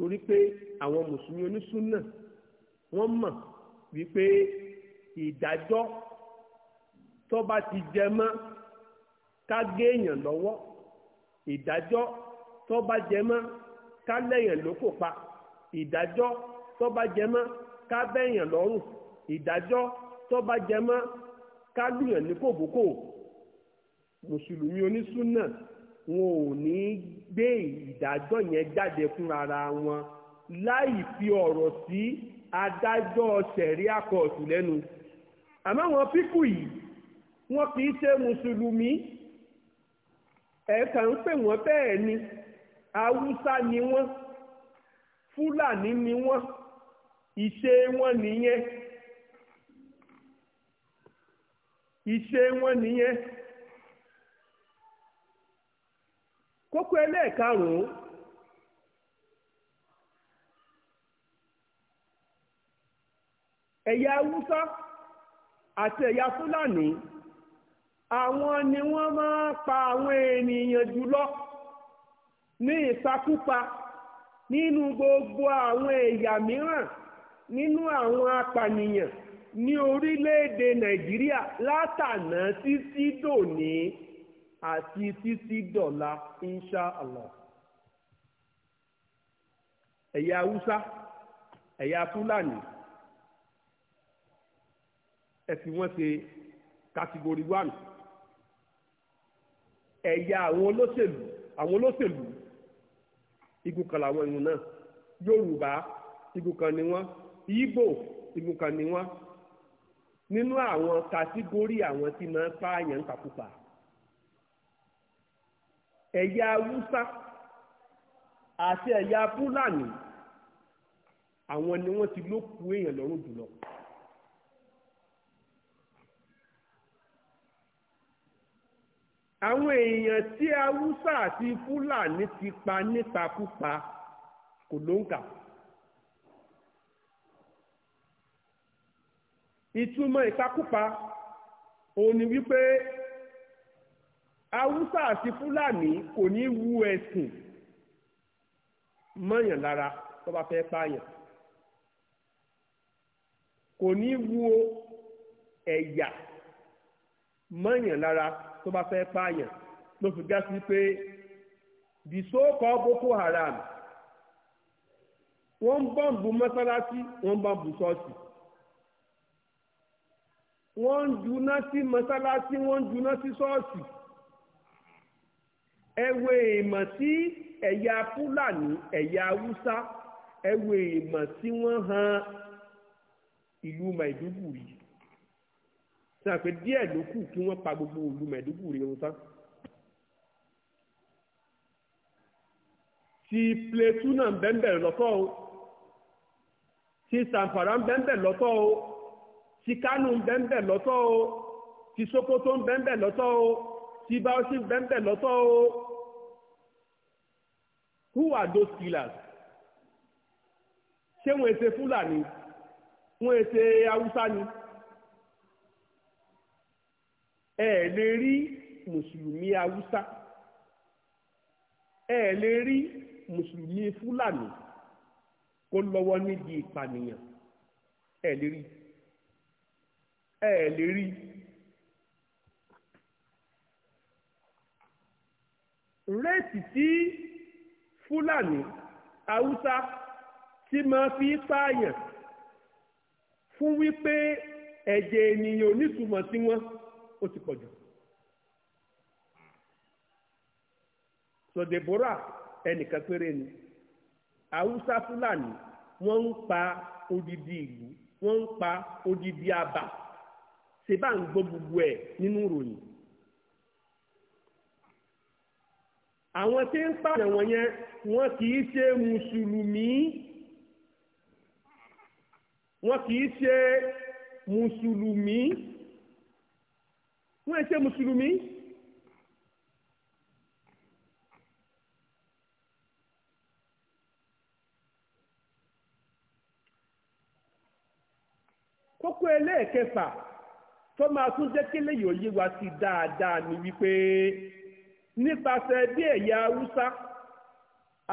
torí pé àwọn mùsùlùmí onísúnà wọ́n mọ̀ wípé ìdájọ́ tó bá ti jẹ mọ́ ká gé èèyàn lọ́wọ́ jẹ mọ́ ká lẹ́yàn pa ìdájọ́ tó bá jẹ mọ́ ká bẹ́yàn lọ́rùn ìdájọ́ tó bá jẹ mọ́ ká lùyàn ní kòbókò mùsùlùmí onísúnà wọn ò ní gbé ìdájọ́ yẹn jáde fún ara wọn láì fi ọ̀rọ̀ sí adájọ́ sẹ̀ríà kóòtù lẹ́nu àmọ́ àwọn pípù yìí wọ́n kì í ṣe mùsùlùmí ẹ̀ẹ̀kan ń pè wọ́n bẹ́ẹ̀ ni haúsá ni wọ́n fúlàní ni wọ́n ìṣe wọn nìyẹn ìṣe wọn nìyẹn. kókó ẹlẹ́ẹ̀karùn-ún ẹ̀yà awusa àti ẹ̀yà fúlàní àwọn ni wọ́n máa pa àwọn ènìyàn jùlọ ní ìpakúpa nínú gbogbo àwọn ẹ̀yà mìíràn nínú àwọn apànìyàn ní orílẹ̀-èdè nàìjíríà látànà títí dòní. Si, si, àti títí dọ̀la insha allah ẹ̀yà haúsá ẹ̀yà fúlàní ẹ fi wọ́n ṣe kàtìgórì one ẹ̀yà àwọn olóṣèlú àwọn olóṣèlú igun kan làwọn ìrùn náà yorùbá igun kan ni wọ́n ìgbò igun kan ni wọ́n nínú àwọn kàtìgórì àwọn tí máa ń pààyàn ń ẹ̀yà haúsá àti ẹ̀yà fúlàní àwọn ni wọ́n ti lókù èèyàn lọ́rùn jùlọ. àwọn èèyàn tí haúsá àti fúlàní ti pa nípakúpa kò lóǹkà. ìtumọ̀ ìpakúpa òun ni wípé haúsá àti fúlàní kò ní wu ẹ̀sìn mọ́yàn lára tó bá fẹ́ pààyàn kò ní wu ẹ̀yà mọ́yàn lára tó bá fẹ́ pààyàn ló fi já sí pé the so-called Boko Haram wọ́n ń bọ́ǹbù mọ́sálásí wọ́n ń bọ́ǹbù ṣọ́ọ̀ṣì wọ́n ń juná sí mọ́sálásí wọ́n ń juná sí ṣọ́ọ̀ṣì ẹ̀wẹ̀ èèmọ̀ sí ẹ̀yà fúlàní ẹ̀yà haúsá ẹ̀wẹ̀ èèmọ̀ tí wọ́n han ìlú maiduguri sọ pé díẹ̀ ló kù kí wọ́n pa gbogbo ìlú maiduguri wọn tán. ti plẹ̀tù náà bẹ́ẹ̀ lọ́tọ̀ o ti sanfara bẹ́ẹ̀ lọ́tọ̀ o ti kánú bẹ́ẹ̀ lọ́tọ̀ o ti sokoto bẹ́ẹ̀ lọ́tọ̀ o ti bauchi bẹ́ẹ̀ lọ́tọ̀ o who are those killers ṣé wọ́n ṣe fúlàní wọ́n ṣe haúsá ni ẹ lè rí mùsùlùmí haúsá ẹ lè rí mùsùlùmí fúlàní kó lọ́wọ́ níbi ìpànìyàn ẹ lè rí ẹ lè rí. réètì tí fúlàní haúsá tí máa fi pààyàn fún wípé ẹ̀jẹ̀ ènìyàn onítùmọ̀ sí wọn ó ti pọ̀jù. sọ̀dẹ̀bọ́rà ẹnìkan péré ni haúsá fúlàní wọ́n ń pa odidi ìlú wọ́n ń pa odidi àbà ṣe bá ń gbọ́ gbogbo ẹ̀ nínú ìròyìn àwọn tí ń pààyàn wọn yẹn wọn kì í ṣe mùsùlùmí wọn kì í ṣe mùsùlùmí wọn ì ṣe mùsùlùmí. kókó ẹlẹ́ẹ̀kẹfà tó máa tún jẹ́ kéléyìí ó yé wa sí dáadáa ni wípé nípasẹ̀ bí ẹ̀yà haúsá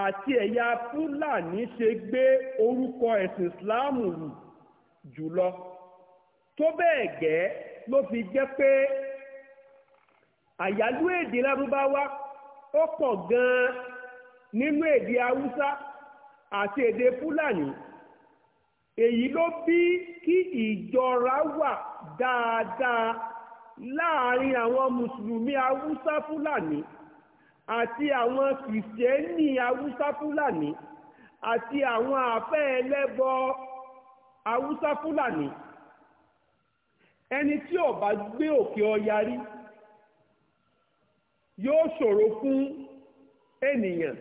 àti ẹ̀yà fúlàní ṣe gbé orúkọ ẹ̀sìn ìsìláàmù rù jùlọ tó bẹ́ẹ̀ gẹ́ ló fi jẹ́ pé àyálù èdè lárúbáwá ó pọ̀ gan-an nínú èdè haúsá àti èdè fúlàní èyí ló bí kí ìjọra wà dáadáa láàárín àwọn mùsùlùmí haúsá fúlàní àti àwọn kìrìsìtẹ́nì haúsá-fúlàní àti àwọn àfẹ́ ẹlẹ́bọ haúsá-fúlàní ẹni tí ó bá gbé òkè ọya rí yóò ṣòro fún ènìyàn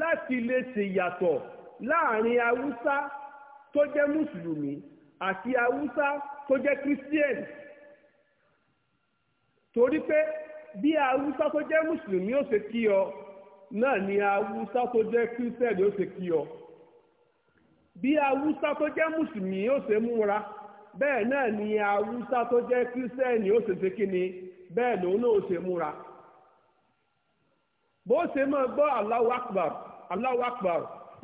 láti lè ṣèyàtọ̀ láàrin haúsá tó jẹ́ mùsùlùmí àti haúsá tó jẹ́ christian torí pé bí awúsá tó jẹ́ mùsùlùmí ó ṣe kí ọ náà ni awúsá tó jẹ́ kírísítẹ́nì ó ṣe kí ọ bí awúsá tó jẹ́ mùsùlùmí ó ṣe múra bẹ́ẹ̀ náà ni awúsá tó jẹ́ kírísítẹ́nì ó ṣe ṣe kí ni bẹ́ẹ̀ lòun náà ó ṣe múra bó ṣe máa gbọ́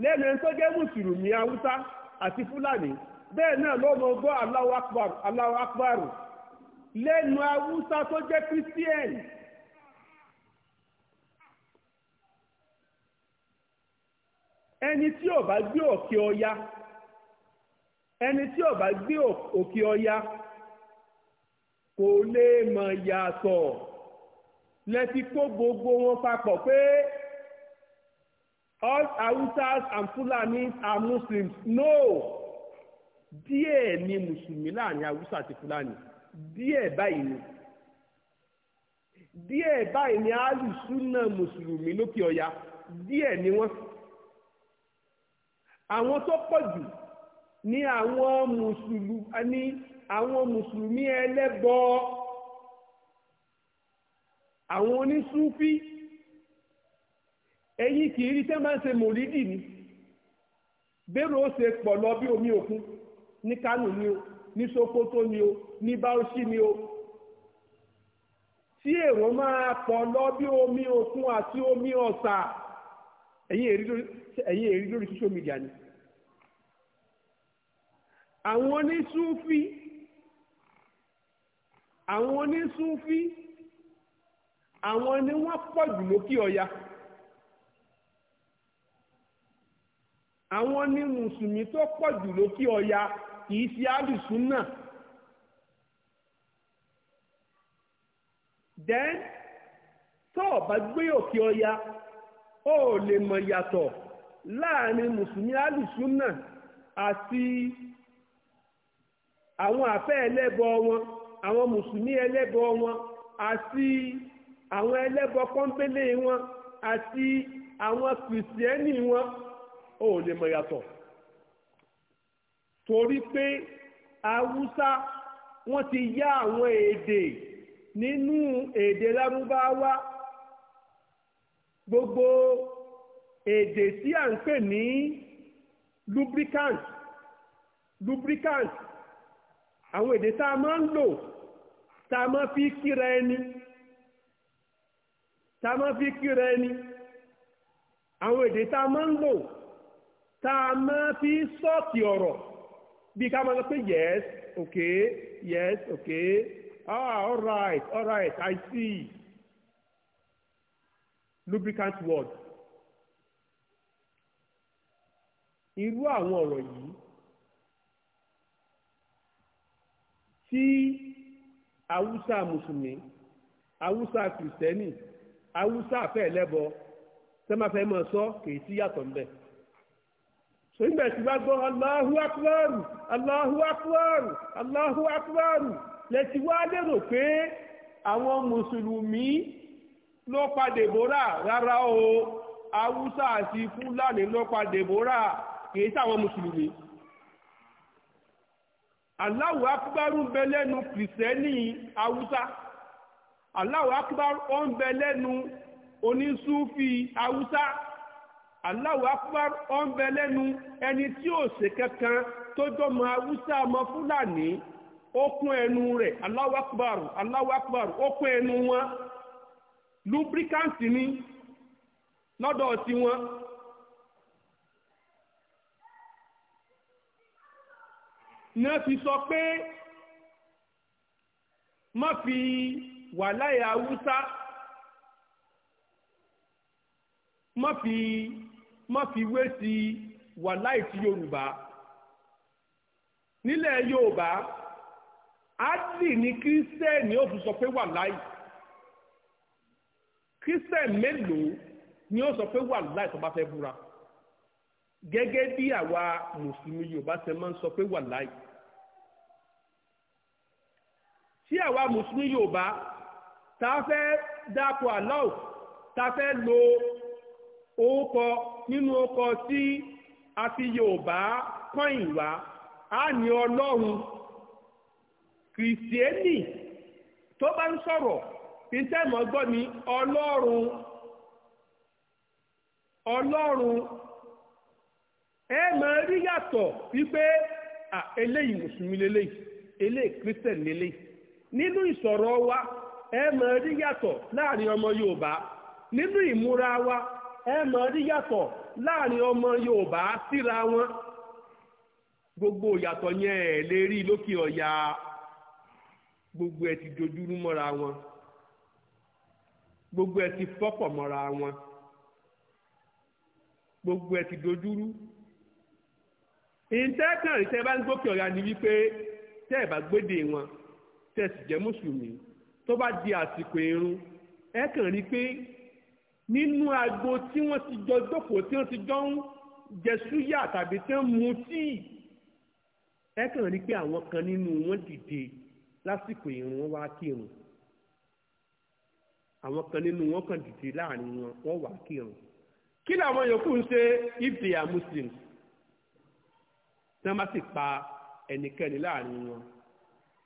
lẹ́nu tó jẹ́ mùsùlùmí awúsá àti fúlàní bẹ́ẹ̀ náà ló ẹni tí ò bá gbé òkè ọya ẹni tí ò bá gbé òkè ọya kò lè mọ̀ yàtọ̀ lẹ́ti kó gbogbo wọn papọ̀ pé all hausas and fulani are muslims no díẹ̀ ni mùsùlùmí láàrin hausa àti fulani díẹ̀ báyìí ni díẹ̀ báyìí ni alùsùnà mùsùlùmí lókè ọya díẹ̀ ni wọ́n àwọn tó pọ̀ jù ní àwọn mùsùlùmí àwọn mùsùlùmí ẹlẹ́bọ àwọn onísúfí ẹ̀yin kì í rí tẹ́ máa ń ṣe mòlídì ni bẹ́rù ó ṣe pọ̀ lọ bí omi òkun ní Kánò ni o ní Sókótó ni o ní Bauchi ni o tí èrò máa pọ̀ lọ bí omi òkun àti omi ọ̀sà ẹ̀yin èrí ẹ̀yìn èrí lórí social media ni àwọn onísúfí àwọn onísúfí àwọn ni wọ́n pọ̀ jù lókè ọya àwọn ni mùsùlùmí tó pọ̀ jù lókè ọya kìí ṣe àdùsùn náà then tó o bá gbé òkè ọya o ò lè mọ̀ yàtọ̀ láàrin mùsùlùmí alùsùnà àti àwọn àfẹ́ ẹlẹ́bọ wọn àwọn mùsùlùmí ẹlẹ́bọ wọn àti àwọn ẹlẹ́bọ pọ́ńpélé wọn àti àwọn kìrìsìtẹ́nì wọn ò lè mọ̀ yàtọ̀ torí pé haúsá wọ́n ti yá àwọn èdè nínú èdè lárúbáwá gbogbo èdè tí à ń pè ní lubricant lubricant àwọn èdè tá a máa ń lò tá a máa fi kíra ẹni tá a máa fi kíra ẹni àwọn èdè tá a máa ń lò tá a máa fi sọ́ọ̀tì ọ̀rọ̀ bí ká máa pé yes okay yes okay ah all right all right i see lubricant word irú àwọn ọ̀rọ̀ yìí tí haúsá mùsùlùmí haúsá kìrìsìtẹ́nì haúsá àfẹ́ẹ̀lẹ́bọ tẹ́máfẹ́ mọ̀ sọ kìí sí yàtọ̀ ń bẹ̀. sọ́yìnbẹ̀ tí wàá gbọ́ Allahu Akbar Allahu Akbar Allahu Akbar lẹ́tí wàá lérò pé àwọn mùsùlùmí ló pa Dèbórà rárá o haúsá àti fúlàní ló pa Dèbórà. kìí sáwọn mùsùlùmí Allahu akúbárú ń bẹ lẹ́nu kìrìsẹ́nì haúsá Allahu akúbárú ó ń bẹ lẹ́nu onísúfì haúsá Allahu akúbárú ó ń bẹ lẹ́nu ẹni tí ò ṣe kankan tó jọmọ haúsá ọmọ fúlàní ó ẹnu rẹ̀ Allahu akúbárú ẹnu wọn lubricant ni lọ́dọ̀ tiwọn. náà fi sọ pé má fi wàláì haúsá má fi má fi wé sí wàláì ti yorùbá nílẹ̀ yorùbá adì ní kírísítẹ́nì ó fi sọ pé wàláì kírísítẹ́nì mélòó ni ó sọ pé wàláì tó bá fẹ́ búra gẹ́gẹ́ bí àwa mùsùlùmí yorùbá ṣe máa ń sọ pé wàláì. àwa mùsùlùmí yorùbá ta fẹ́ dápò aláwò ta fẹ́ lo orúkọ nínú orúkọ tí a fi yorùbá kọ́yìn wá a ní ọlọ́run kìrìsìtẹ́nì tó bá ń sọ̀rọ̀ gbọ́ ni ọlọ́run ọlọ́run ẹ nínú ìsọ̀rọ̀ wa ẹ mọ̀ rí yàtọ̀ láàrin ọmọ Yorùbá nínú ìmúra wa ẹ mọ̀ rí yàtọ̀ láàrin ọmọ Yorùbá síra wọn gbogbo ìyàtọ̀ yẹn ẹ̀ lè rí lókè ọ̀yà gbogbo ẹ̀ ti dojúrú mọ́ra wọn gbogbo ẹ̀ ti fọ́pọ̀ mọ́ra wọn gbogbo ẹ̀ ti dojúrú ìtẹ́kànrí tẹ́ bá ń gòkè ọ̀yà ni wípé tẹ́ ẹ̀ bá gbédè wọn tẹ̀sí jẹ́ mùsùlùmí tó bá di àsìkò irun ẹ kàn rí pé nínú agbo tí wọ́n ti jọ jókòó tí wọ́n ti jọ ń jẹ súyà tàbí tí wọ́n mu tíì ẹ kàn rí pé àwọn kan nínú wọn dìde lásìkò irun wọn wá kírun àwọn kan nínú wọn kàn dìde láàrin wọn wọn wá kírun kí làwọn yòókù ń ṣe if they are muslims tí wọ́n bá sì pa ẹnikẹ́ni láàrin wọn.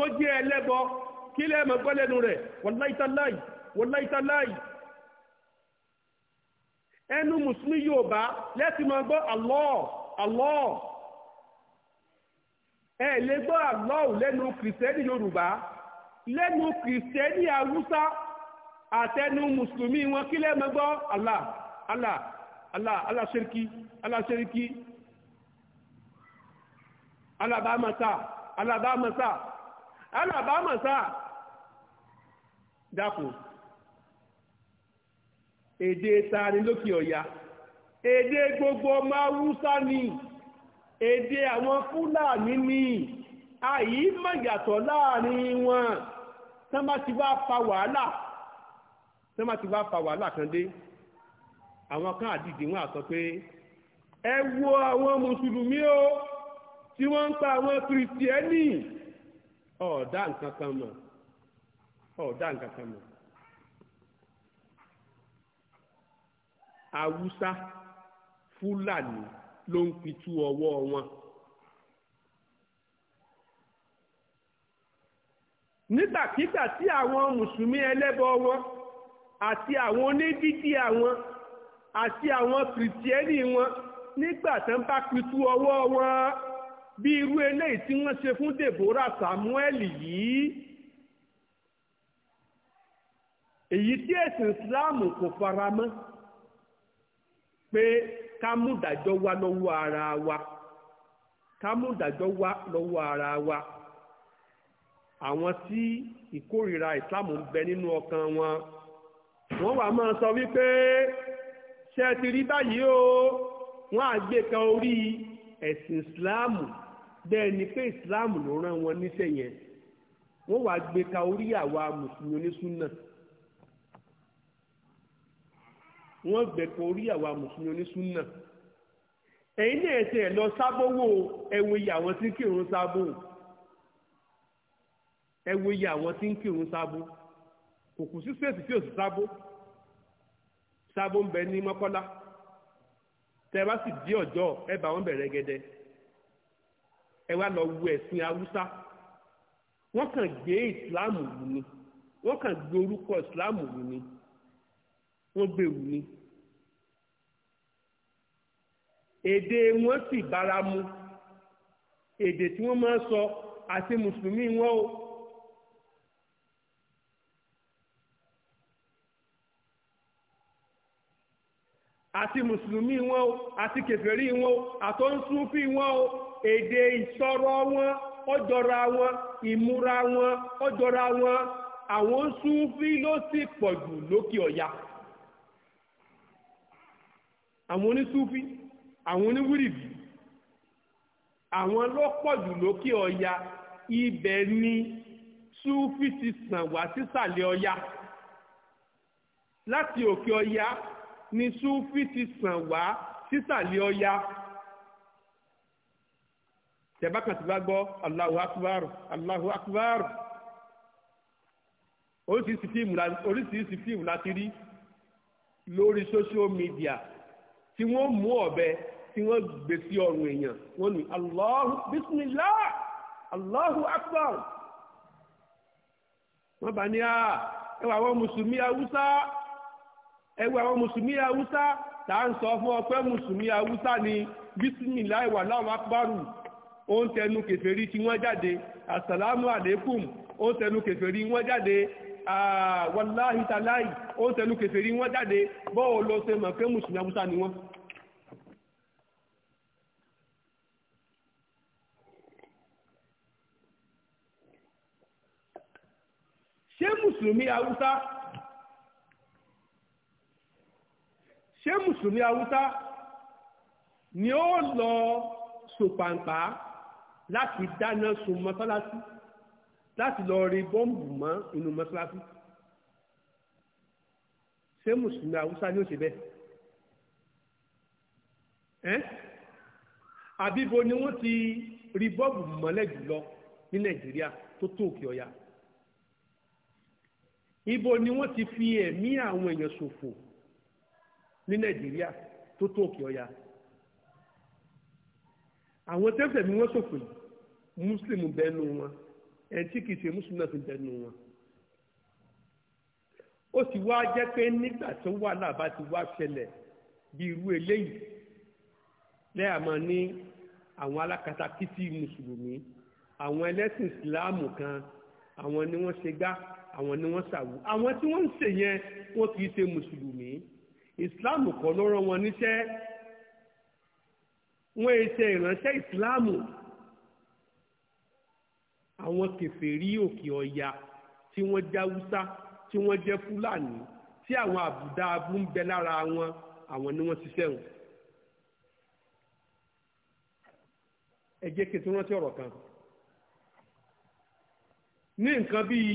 tó jẹ́ ẹlẹ́bọ kí lẹ́ẹ̀mọ̀ gbọ́ lẹ́nu rẹ̀ wallahi tallahi wallahi tallahi ẹnu mùsùlùmí Yorùbá lẹ́sìn máa gbọ́ Allah Allah ẹ lè gbọ́ Allah lẹ́nu kìrìsìtẹ́nì Yorùbá lẹ́nu kìrìsìtẹ́nì Haúsá àtẹnu mùsùlùmí wọn kí lẹ́ẹ̀mọ̀ gbọ́ Allah Allah Allah Allah ṣeríkì Allah ṣeríkì alabamata alabamata alábàámọ̀ sáà dákun èdè ta ni lókè ọ̀yà èdè gbogbo máa wúsá ni èdè àwọn fúlàní ni àyí má yàtọ̀ láàrin wọn tán bá fa wàhálà tán bá fa wàhálà kan dé àwọn kan àdìdì wọn àsọ pé ẹ wo àwọn mùsùlùmí o tí wọn ń pa àwọn kìrìsìtẹ́nì ọ̀ọ́dá nǹkan kan mọ̀ ọ̀ọ́dá nǹkan kan mọ̀ Haúsá Fúlàní ló ń pitú ọwọ́ wọn. nígbàkígbà tí àwọn mùsùlùmí ẹlẹ́bọ wọn àti àwọn onídídí àwọn àti àwọn kìrìtìẹ́nì wọn nígbà tán bá pitú ọwọ́ wọn bí irú eléyìí tí wọ́n ṣe fún Deborah Samuel yìí èyí tí ẹ̀sìn Islam kò fara mọ́ pé ká mú ìdájọ́ wá lọ́wọ́ ara wa ká mú ìdájọ́ wá lọ́wọ́ ara wa àwọn tí ìkórìíra Islam ń bẹ nínú ọkàn wọn wọ́n wà máa sọ wípé ṣe ti rí báyìí o wọ́n á gbé kan orí ẹ̀sìn Islam bẹ́ẹ̀ ni pé islam ló rán wọn níṣẹ́ yẹn wọ́n wàá gbé ka orí àwa mùsùlùmí onísúnà wọ́n gbé ka orí àwa mùsùlùmí onísúnà ẹ̀yin náà ẹsẹ ẹ lọ sábọwọ ẹwọ iye àwọn tí ń kírun sábò ẹwọ iye àwọn tí ń kírun sábò kò kù sí sèṣì tí ò sí sábò sábò ń bẹ ní mọ́kọ́lá tẹ bá sì di ọjọ́ ẹ bá wọn bẹ̀rẹ̀ gẹ́dẹ́ ẹ wá lọ wo ẹ̀sìn haúsá wọ́n kàn gbé ìsìláàmù wù ni wọ́n kàn gbé orúkọ ìsìláàmù wù ni wọ́n gbé wù ni èdè wọn sì bára mu èdè tí wọ́n máa ń sọ àti mùsùlùmí wọn o. àti mùsùlùmí wọn o àti kèfèrí wọn o àtọ́nsúnfì wọn o èdè ìsọ̀rọ̀ wọn ọjọ́ra wọn ìmúra wọn ọjọ́ra wọn àwọn súnfì ló sì pọ̀ jù lókè ọ̀yà àwọn onísúnfì àwọn oníwìrìbì àwọn ló pọ̀ jù lókè ọ̀yà ibẹ̀ ni súnfì ti sàn wá sísàlẹ̀ ọ̀yà láti òkè ọ̀yà ni súfì ti sàn wá sísàlẹ̀ ọya tẹ̀bákan ti bá gbọ́ Allahu Akbar Allahu Akbar oríṣiríṣi fíìmù láti rí lórí social media tí wọ́n mú ọ̀bẹ tí wọ́n gbé sí ọrùn èèyàn wọ́n ní Allahu bismillah Allahu Akbar wọ́n bá ní à ah, ẹwà àwọn mùsùlùmí haúsá ẹwọ àwọn mùsùlùmí haúsá tá à ń sọ fún ọ pé mùsùlùmí haúsá ni bísímìláì wà láwọn akpárù ó ń tẹnu kèfèrí tí wọ́n jáde àsàlámù àlékùm ó ń tẹnu kèfèrí wọ́n jáde wàláhì tàláì ó ń tẹnu kèfèrí wọ́n jáde bọ́ọ̀ lọ ṣe mọ̀ pé mùsùlùmí haúsá ni wọ́n. ṣé mùsùlùmí haúsá ṣé mùsùlùmí haúsá ni ó lọ sòpàǹpà láti dáná sun mọ́sálásí láti lọ rí bọ́ǹbù mọ́ inú mọ́sálásí ṣé mùsùlùmí haúsá ni ó ṣe bẹ́ẹ̀ ẹ́ àbíbo ni wọ́n ti rí bọ́ǹbù mọ́lẹ̀ jùlọ ní nàìjíríà tó tó òkè ọ̀yà ibo ni wọ́n ti fi ẹ̀mí àwọn èèyàn ṣòfò ní nàìjíríà tó tó òkè ọya àwọn tẹ́fẹ̀ mi wọ́n ṣòfò yìí muslim bẹnu wọn ẹni tí kìí ṣe muslim náà ti bẹnu wọn ó sì wá jẹ́ pé nígbà tó wà láàbá ti wá ṣẹlẹ̀ bí irú eléyìí lẹ́yà máa ní àwọn alákatakítí mùsùlùmí àwọn ẹlẹ́sìn ìsìláàmù kan àwọn ni wọ́n ṣe gbá àwọn ni wọ́n ṣàwù àwọn tí wọ́n ń ṣe yẹn wọ́n kìí ṣe mùsùlùmí islam kọ́ ló rán wọn níṣẹ́ wọ́n ń ṣe ìránṣẹ́ islam àwọn kèfèrí òkè ọya tí wọ́n jẹ́ haúsá tí wọ́n jẹ́ fúlàní tí àwọn àbùdá abú ń bẹ lára wọn àwọn ni wọ́n ṣiṣẹ́ wọn. ẹ jẹ́ kí n tún rántí ọ̀rọ̀ kan ní nǹkan bíi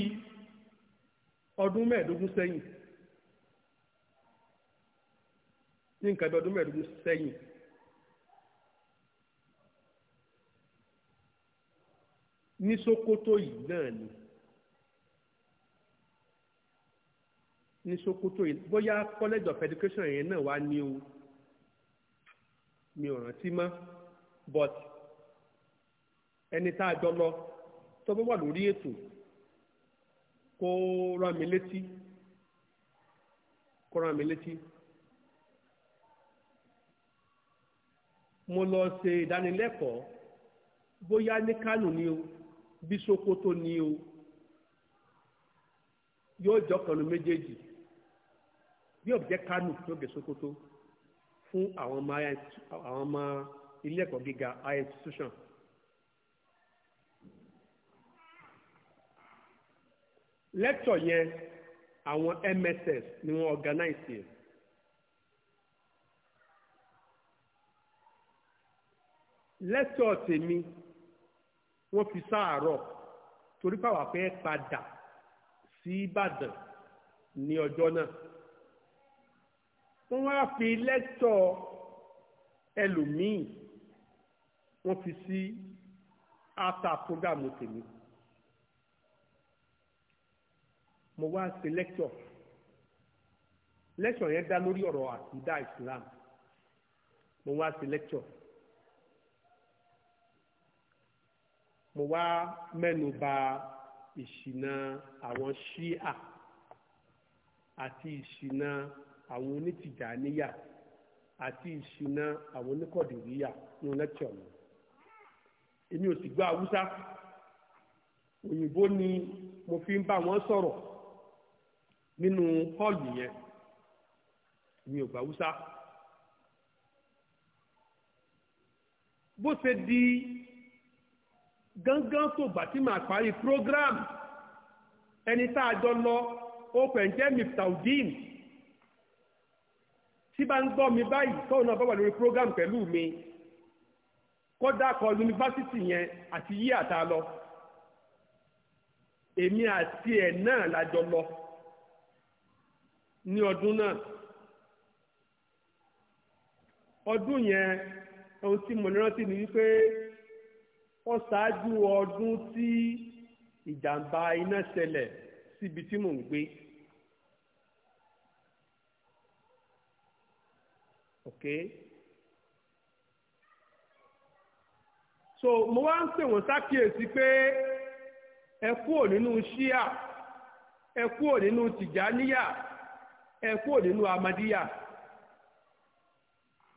ọdún mẹ́ẹ̀ẹ́dógún sẹ́yìn ní nǹkan bí ọdún mẹ́ẹ̀ẹ́dógún sẹ́yìn ní Sókótó yìí náà ni ní Sókótó yìí bóyá college of education yẹn náà wá ní o mi ò rántí mọ́ but ẹni tá a jọ lọ tó bá wà lórí ètò kó rán mi létí kó rán mi létí. mo lọ ṣe ìdánilẹ́kọ̀ọ́ bóyá ní Kánò ni o bí Sokoto ni o yóò jọ kanu méjèèjì bí ó jẹ́ Kánò tó gẹ̀ Sokoto fún àwọn ọmọ àwọn ọmọ ilé ẹ̀kọ́ gíga high institution. lẹ́tọ̀ yẹn àwọn MSS ni wọ́n organize yẹn. lẹ́tọ̀ tèmi wọ́n fi sáàárọ̀ torí pàwà fẹ́ padà sí Ìbàdàn ní ọjọ́ náà wọ́n wá fi lẹ́tọ̀ ẹlòmíì wọ́n fi sí ata prógámù tèmi mo wá ṣe lẹ́tọ̀ lẹ́tọ̀ yẹn dá lórí ọ̀rọ̀ àtúndà Islam mo wá ṣe lẹ́tọ̀. mo wá mẹ́nu bà ìṣìnà àwọn ṣíà àti ìṣìnà àwọn onítìjàníyà àti ìṣìnà àwọn oníkọ̀dìríyà nínú lẹ́kṣọ̀ mi èmi ò sì gbọ́ haúsá òyìnbó ni mo fi ń bá wọn sọ̀rọ̀ nínú họ́ọ̀lù yẹn mi ò gbọ́ haúsá bó ṣe di gángan tó gbà tí màá parí program ẹni tá a jọ lọ open jẹ́ miftaudin tí bá ń gbọ́ mi báyìí tóun náà bá wà lórí program pẹ̀lú mi kódà kọ yunifásitì yẹn àti yí àtà lọ èmi àti ẹ̀ náà la jọ lọ ní ọdún náà ọdún yẹn ohun tí mo rántí ni wípé ó ṣáájú ọdún tí ìjàmbá iná ṣẹlẹ̀ síbi tí mò ń gbé. Okay. so mo wá ń pè wọ́n sákìyèsí pé ẹ kúrò nínú ṣíà ẹ kúrò nínú tìjáníyà ẹ kúrò nínú amadíyà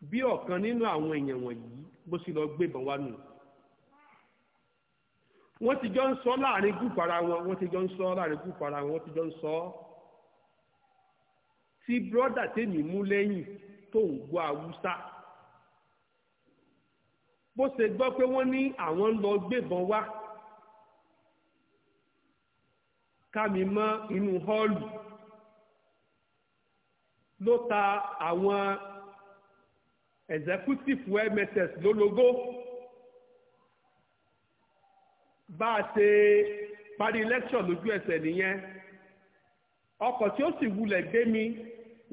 bí ọ̀kan nínú àwọn èèyàn wọ̀nyí bó sì lọ gbébọn wá nù wọ́n ti jọ ń sọ láàrin gúùpù ara wọn wọ́n ti jọ ń sọ láàrin gúùpù ara wọn wọ́n ti jọ ń sọ tí bírọ́dà tèmi mú lẹ́yìn tó ń gbọ́ haúsá bó ṣe gbọ́ pé wọ́n ní àwọn ń lọ gbébọn wá kámi mọ́ inú họ́ọ̀lù ló ta àwọn executive mss lólogó. Lo bá a ṣe parí lẹ́kṣọ̀ lójú ẹsẹ̀ nìyẹn ọkọ̀ tí ó sì wulẹ̀ gbé mi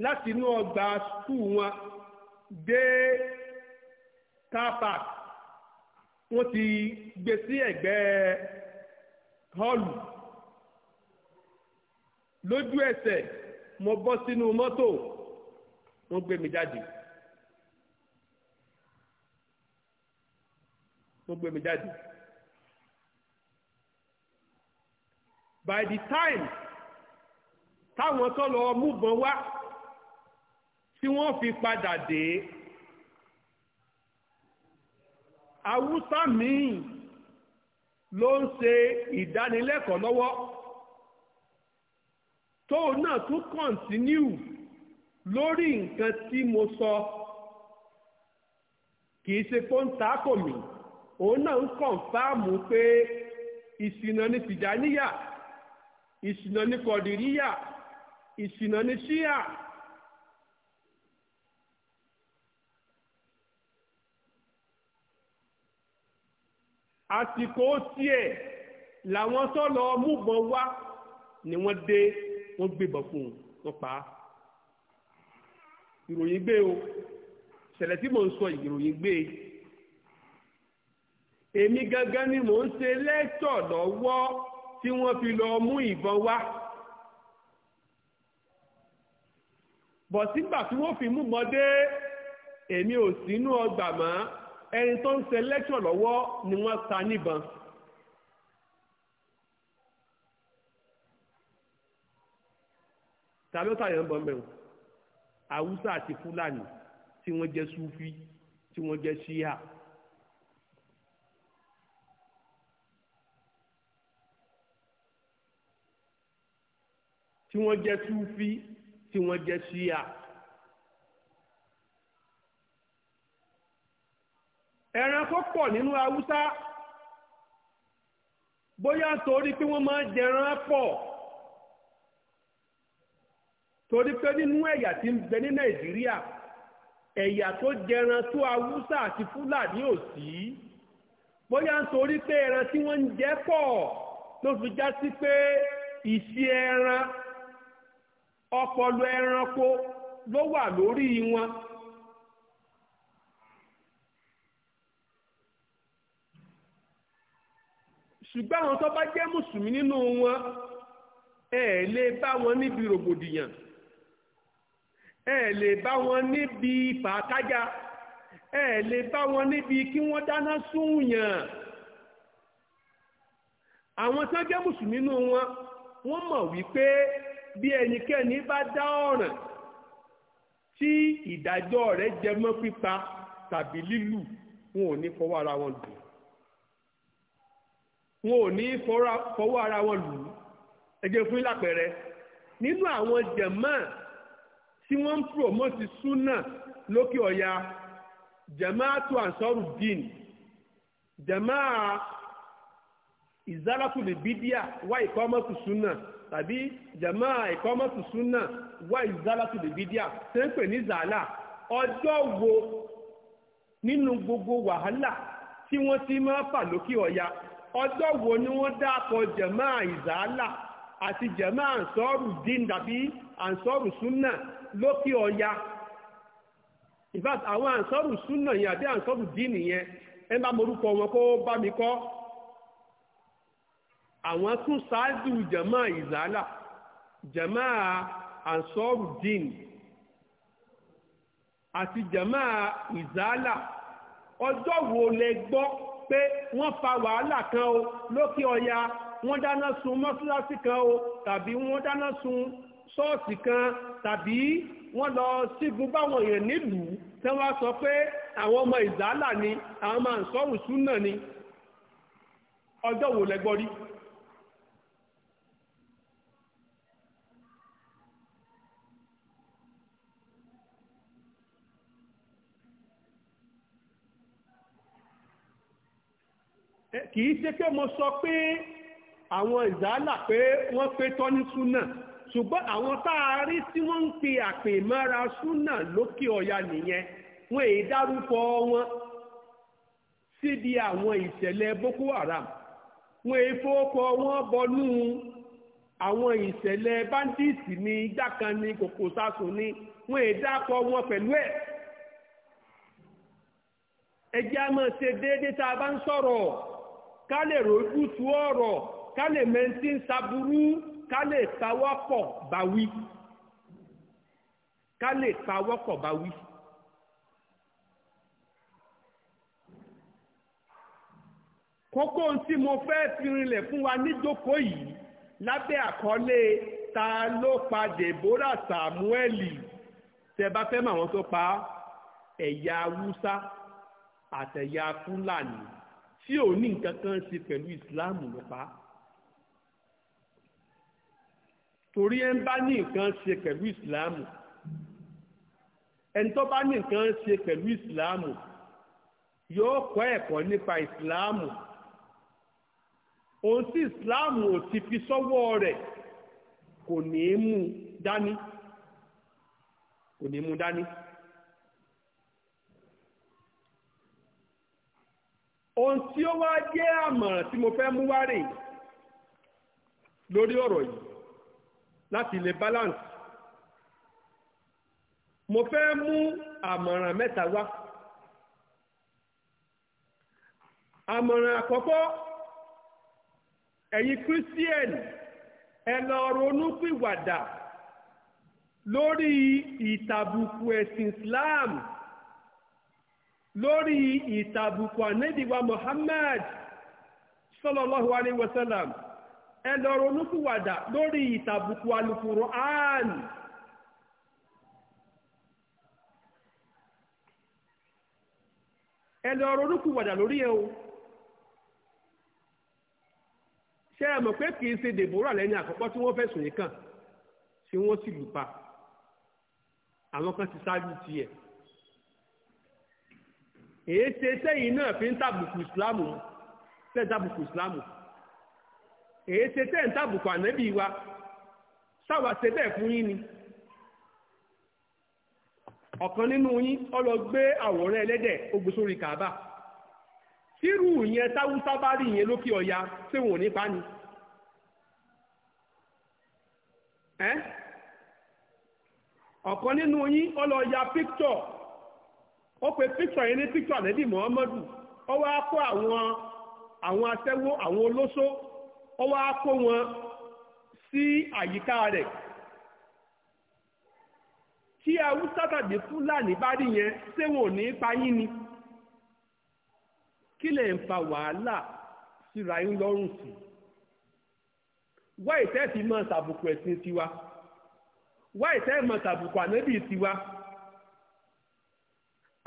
láti inú ọgbà skul wọn dé car park wọ́n ti gbé sí ẹ̀gbẹ́ họ́ọ̀lù lójú ẹsẹ̀ mo bọ́ sínú mọ́tò wọ́n gbé mi jáde. wọ́n gbé mi jáde. by the time táwọn tó lọ múbọn wá tí wọ́n fi padà dé awúsá míì ló ń ṣe ìdánilẹ́kọ̀ọ́ lọ́wọ́ tó náà tún kọ̀ǹtínú lórí nǹkan tí mo sọ kì í ṣe pé ń takò mí òun náà ń kọ̀ǹfàmù pé ìsìnà ni Tìjàníyà ìsìnà ní kọ̀dìríyà ìsìnà ní ṣíà àsìkò tiẹ̀ làwọn sọ́lọ múbọn wá ni wọ́n dé wọ́n gbébọn fún un wọ́n pa á ìròyìn gbé o ṣẹlẹ̀ tí mò ń sọ ìròyìn gbé e. èmi gangan ni mò ń ṣe lẹ́tọ̀ lọ́wọ́ tí wọ́n fi lọ mú ìbọn wá bọ̀ sígbà tí wọ́n fi mú mọ́dé èmi ò sínú ọgbà mọ́ ẹni tó ń ṣe lẹ́kṣọ̀ lọ́wọ́ ni wọ́n ta níbọn ta ló tàyẹ̀ ń bọ̀ mẹ́rin haúsá àti fúlàní tí wọ́n jẹ́ súfí tí wọ́n jẹ́ ṣíà. Si tí wọ́n jẹ́ súfí tí wọ́n jẹ́ ṣíà. ẹranko pọ̀ nínú haúsá bóyá torí pé wọ́n máa jẹran pọ̀ torí pé nínú ẹ̀yà tí ń bẹ ní nàìjíríà ẹ̀yà tó jẹran tó haúsá àti fúlàní ò sí bóyá nítorí pé ẹran tí wọ́n ń jẹ pọ̀ ló fi já sí pé ìṣe ẹran ọpọlọ ẹranko ló wà lórí wọn ṣùgbọ́n àwọn tó bá jẹ́ mùsùlùmí nínú wọn ẹ̀ lè bá wọn níbi rògbòdìyàn ẹ̀ lè bá wọn níbi fàákájà ẹ̀ lè bá wọn níbi kí wọ́n dáná súnyàn àwọn tó jẹ́ mùsùlùmí nínú wọn wọ́n mọ̀ wípé bí ẹnikẹ́ni bá dá ọ̀ràn tí ìdájọ́ rẹ̀ jẹ mọ́ pípa tàbí lílù wọn ò ní fọwọ́ ara wọn lù wọn ò ní fọwọ́ ara wọn lù ẹ jẹ́ fún lápẹẹrẹ nínú àwọn jẹ̀mọ́ tí wọ́n ń promote súnà lókè ọ̀yà jamaatu ansoru din jamaa izalatu libidia wa ikọ́mọ́tù súnà tàbí jamaa ìkọ́mọ̀tù súnà wá ìzálà tó lè bídíà ṣe ń pè ní zàálà ọjọ́ wo nínú gbogbo wàhálà tí wọ́n ti máa fà lókè ọ̀ya ọjọ́ wo ni wọ́n dákọ̀ jamaa ìzálà àti jamaa ànsọ́rù dín tàbí ànsọ́rù súnà lókè ọ̀ya in fact àwọn ànsọ́rù súnà yẹn àbí ànsọ́rù dín nìyẹn ẹ bá morúkọ wọn kó bá mi kọ́ àwọn tún ṣáájú jama ìzálà jama din, àti jama ìzálà ọjọ́ wo lẹ gbọ́ pé wọ́n fa wàhálà kan o lókè ọya wọ́n dáná sun mọ́ṣáláṣí kan o tàbí wọ́n dáná sun ṣọ́ọ̀ṣì kan tàbí wọ́n lọ sígun báwọn èèyàn nílùú tí wọ́n sọ pé àwọn ọmọ ìzálà ni àwọn ọmọ àǹsọ́rùsún náà ni ọjọ́ wo lẹ kì í ṣe pé mo sọ pé àwọn ìzálà pé wọ́n pé tọ́ ní súnà ṣùgbọ́n àwọn tá tí wọ́n ń pe àpè mọ́ra súnà lókè ọ̀yà nìyẹn wọ́n èyí dárúkọ wọn síbi àwọn ìṣẹ̀lẹ̀ Boko Haram wọ́n èyí fọ́kọ wọn bọnú àwọn ìṣẹ̀lẹ̀ bandits ní igbákan ní kòkò sásùn ní wọ́n èyí dákọ wọn pẹ̀lú ẹ̀ ẹjẹ́ a ṣe déédéé tá a bá ń sọ̀rọ̀ ká lè rojú tu ọ̀rọ̀ ká lè mẹ́ntí ń saburú ká lè pawọ́pọ̀ báwí ká lè pawọ́pọ̀ báwí. kókó tí mo fẹ́ fi rinlẹ̀ fún wa níjókòó yìí lábẹ́ àkọlé ta ló pa Deborah Samueli tẹ bá fẹ́ mọ̀ àwọn tó pa ẹ̀yà Haúsá àtẹ̀yà Fúlàní tí ò ní nǹkan kan ṣe pẹ̀lú ìsìláàmù ló pa torí ẹ ń bá ní nǹkan ṣe pẹ̀lú ìsìláàmù ẹni tó bá ní nǹkan ṣe pẹ̀lú ìsìláàmù yóò kọ́ ẹ̀kọ́ nípa ìsìláàmù ohun tí ìsìláàmù ò ti fi sọ́wọ́ rẹ̀ kò ní í mú dání kò ní í mú dání. ohun tí ó wá jẹ́ àmọ̀ràn tí mo fẹ́ mú wá rè lórí ọ̀rọ̀ yìí láti lè balance mo fẹ́ mú àmọ̀ràn mẹ́ta wá àmọ̀ràn àkọ́kọ́ ẹ̀yin christian ẹ lọ ronú pìwàdà lórí ìtàbùkù ẹ̀sìn islam. lórí ìtàbùkù ànẹ́bíwa Muhammad sallallahu alaihi wasallam ẹ lọ lórí ìtàbùkù Al-Qur'an ẹ lọ lórí ẹ̀ o ṣé ẹ mọ̀ pé kì ṣe dèbòrà lẹ́yìn àkọ́kọ́ tí wọ́n fẹ̀sùn yìí kàn tí wọ́n sì lù pa àwọn kan ti èé sẹ́yìn náà fi ń tàbùkù ìsìlámù tẹ́ tàbùkù ìsìlámù wa sáwà ṣe bẹ́ẹ̀ fún yín ni ọ̀kan nínú yín ọlọ gbé àwòrán ẹlẹ́dẹ̀ ogun kàábà tírù yẹn táwùsá bá rí yẹn lókè ọ̀ya tí wọn ò ọlọ ya píktọ̀ ó pe píktọ̀ yẹn ní píktọ̀ ànẹ́bí muhammadu ó wá kó àwọn àwọn aṣẹ́wó àwọn olóṣó ó wá kó wọn sí àyíká rẹ̀ tí haúsá tàbí fúlàní bá rí yẹn ṣé wọn ò ní pa yín ni kí lè ń fa wàhálà síra yín lọ́rùn sí wá ìtẹ́ fi mọ́ ṣàbùkù ẹ̀sìn tiwa wá ìtẹ́ mọ́ ṣàbùkù ànẹ́bí tiwa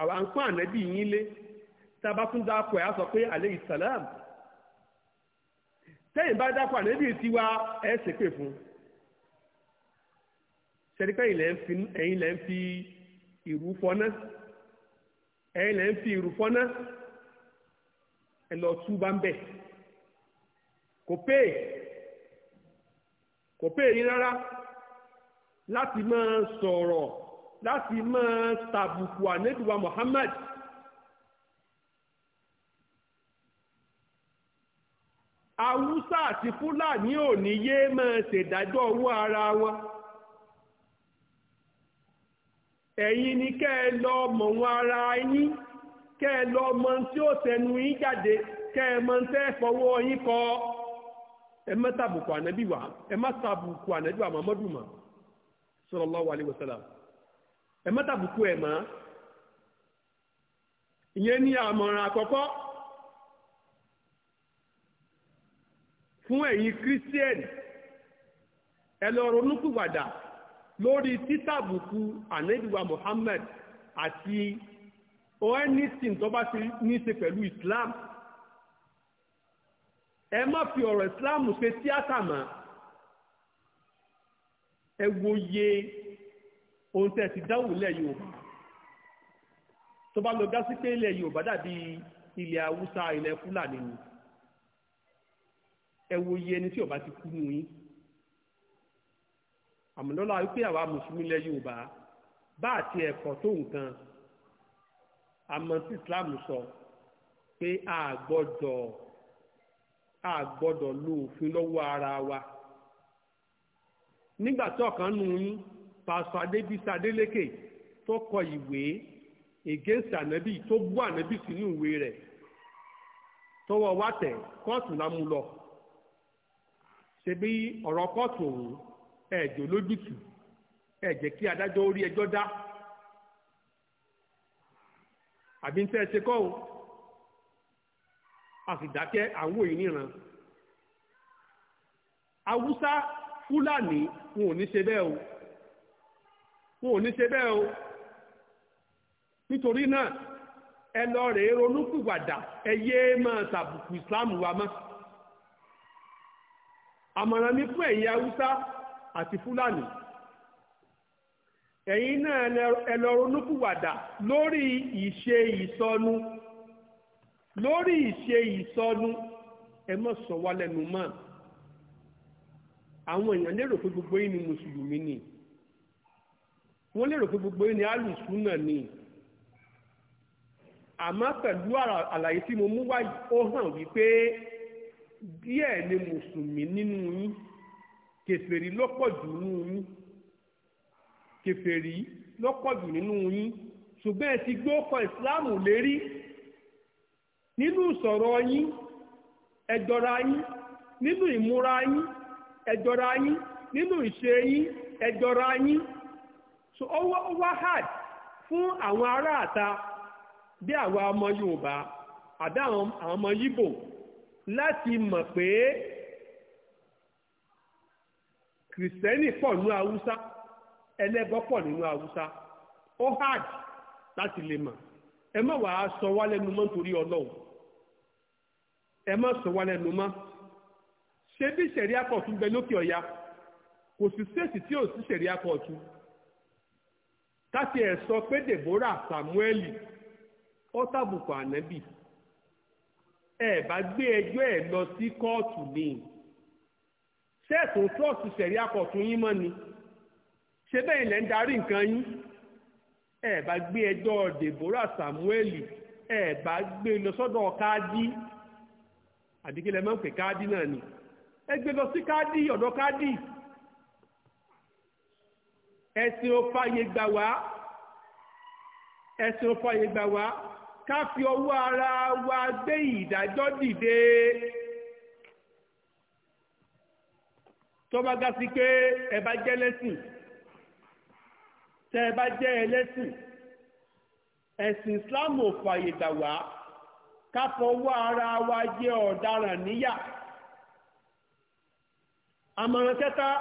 àwọn àǹkó ànábì yín lé tá a bá tún dákọ̀ ẹ̀ á sọ pé alẹ́ ìsàlám tẹ́yìn bá dákọ̀ ànábì tiwa ẹ̀ ṣépè fún sẹ́dípẹ́ ẹ̀yin lẹ́ ń fi ìrú fọ́ná lẹ́ ń fi ìrú fọ́ná tú bá ń bẹ̀ kò pé yín rárá láti máa sọ̀rọ̀. láti máa tàbùkù ànẹ́bíwá Mohammed. Haúsá àti Fúlàní ò ní yé máa ṣèdájọ́ owó ara wọn ẹ̀yin ni kẹ́ lọ mọ̀ ara yín kẹ́ lọ mọ̀ tí ó tẹnu yín jáde kẹ́ ẹ tẹ́ fọwọ́ yín kọ́ ẹ tàbùkù ẹ má tàbùkù ẹ má tàbùkù ẹ̀ mọ́ ìyẹn ní àmọ̀ràn àkọ́kọ́ fún ẹ̀yin kírísítẹ́nì ẹ lọ ronúkúwàdà lórí títàbùkù ànábìwá Muhammad àti oẹ́nìsìn tó bá ti ní ṣe pẹ̀lú Islam ẹ má fi ọ̀rọ̀ Islam ṣe tíátà mọ́ ẹ wòye ohun tẹ́ ti dáwò lẹ̀ yorùbá tó bá lọ gá sí pé ilẹ̀ yorùbá dàbí ilẹ̀ haúsá ilẹ̀ fúlàní ni ẹ wo iye ẹni tí ó ti kú nù yín àmọ́lọ́lá àwa mùsùlùmí ilẹ̀ yorùbá bá àti ẹ̀kọ́ tó nǹkan àmọ́ tí islam sọ pé a gbọ́dọ̀ a gbọ́dọ̀ lo òfin lọ́wọ́ ara wa nígbà tí ọ̀kan nù yín pásítọ̀ adébísí adélékè tó kọ ìwé against anabi tó bú ànábì sínú ìwé rẹ̀ tọwọ́ wá kóòtù la mú lọ ṣebí ọ̀rọ̀ kóòtù ọ̀hún ẹ̀jọ̀ lójútù kí orí dá àbí ẹ ṣe o a sì dákẹ́ àwọn òyìn níran haúsá fúlàní wọn ò ní ṣe o. wọn ò ní ṣe bẹ́ẹ̀ o nítorí náà ẹ lọ rèé ronúpìwàdà ẹ yéé máa tàbùkù ìsìláàmù wa mọ́ àmọ̀ràn mi fún ẹ̀yin haúsá àti fúlàní ẹ̀yin náà ẹ lọ ronúpìwàdà lórí ìṣe ìsọnù lórí ìṣe ìsọnù ẹ má sọ wá lẹ́nu mọ́ àwọn èèyàn lérò pé gbogbo yín ni mùsùlùmí ni. wọ́n lérò pé gbogbo yìí ni alùsùnà ni àmọ́ pẹ̀lú àlàyé tí mo mú wáyé ó hàn wípé díẹ̀ ni mùsùlùmí nínú yín kèfèrí lọ́pọ̀jù nínú yín kèfèrí lọ́pọ̀jù nínú yín ṣùgbọ́n ẹ ti gbé ọkọ̀ ìsìláàmù lérí nínú ìsọ̀rọ̀ yín ẹ yín nínú ìmúra yín ẹ yín nínú ìṣe yín ẹ yín so ó wá hard fún àwọn ará àta bí àwa ọmọ Yorùbá àbí àwọn ọmọ Yíbò láti mọ̀ pé kìrìsìtẹ́nì pọ̀ nínú Haúsá ẹlẹ́bọ pọ̀ nínú Haúsá ó hard láti lè mọ̀ ẹ má wàá sọ wá lẹ́nu mọ́ nítorí Ọlọ́run ẹ má sọ wá lẹ́nu mọ́ ṣé bí sẹ̀ríà kọ̀ọ̀tún bẹ lókè ọ̀ya kò sí stéètì tí ò sí sẹ̀ríà kọ̀ọ̀tún káti ẹ̀ sọ pé Deborah Samueli ó tàbùkù ànábì ẹ bá gbé ẹjọ́ ẹ̀ lọ sí kóòtù ni sẹ́ẹ̀tún trọ́ọ̀sì sẹ̀rí akọ̀tún yín mọ́ ni ṣé bẹ́ẹ̀ ilẹ̀ ń darí nǹkan yín ẹ bá gbé ẹjọ́ Deborah Samuel ẹ bá gbé lọ sọ́dọ̀ káàdì àdìgẹ́lẹ́mọ́pẹ̀ káàdì náà ni ẹ gbé lọ sí káàdì ọ̀dọ̀ káàdì. ẹ̀sìn ò fàyè gbà wá ẹ̀sìn ò fàyè gbà wá ká fi ọwọ́ ara wa gbé ìdájọ́ dìde tó bá ga sí pé ẹ bá jẹ́ lẹ́sìn tẹ́ ẹ bá jẹ́ ẹlẹ́sìn ẹ̀sìn Islam ara wa jẹ́ ọ̀daràn níyà àmọ̀ràn kẹta.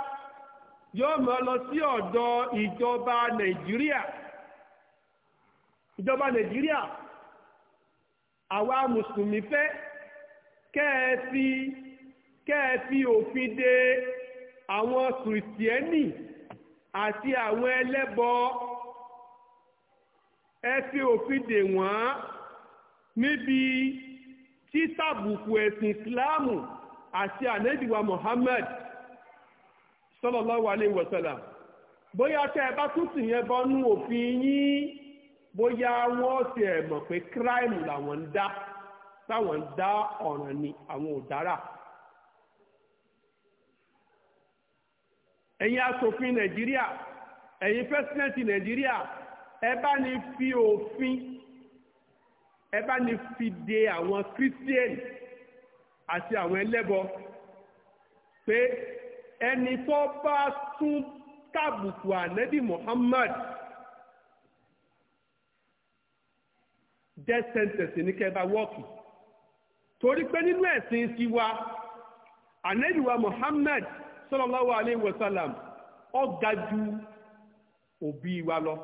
yóò máa lọ sí ọ̀dọ̀ ìjọba nàìjíríà ìjọba nàìjíríà àwa mùsùlùmí fẹ́ kẹ́ ẹ fi kẹ́ ẹ fi òfin de àwọn kìrìsìtẹ́nì àti àwọn ẹlẹ́bọ ẹ fi òfin de wọ́n níbi títàbùkù ẹ̀sìn ìsìláàmù àti ànẹ́dìwà Muhammad sallallahu alaihi wasallam bóyá tẹ́ ẹ bá tún sì yẹn bọ́nú òfin yín bóyá wọ́n ti ẹ̀ mọ̀ pé kíráìmù làwọn ń dá táwọn ń dá ọ̀ràn ni àwọn ò dára. ẹ̀yin asòfin nàìjíríà ẹ̀yin pẹ́sidẹ́ǹtì nàìjíríà ẹ bá ní fi òfin ẹ bá ní fi de àwọn kírísítẹ́nì àti àwọn ẹlẹ́bọ pé ẹni tó bá tún tàbùkù Muhammad death sentence ní kẹba wọ́ọ̀kì torí pé nínú ẹ̀sìn Muhammad sallallahu alayhi wa sallam ga wa lọ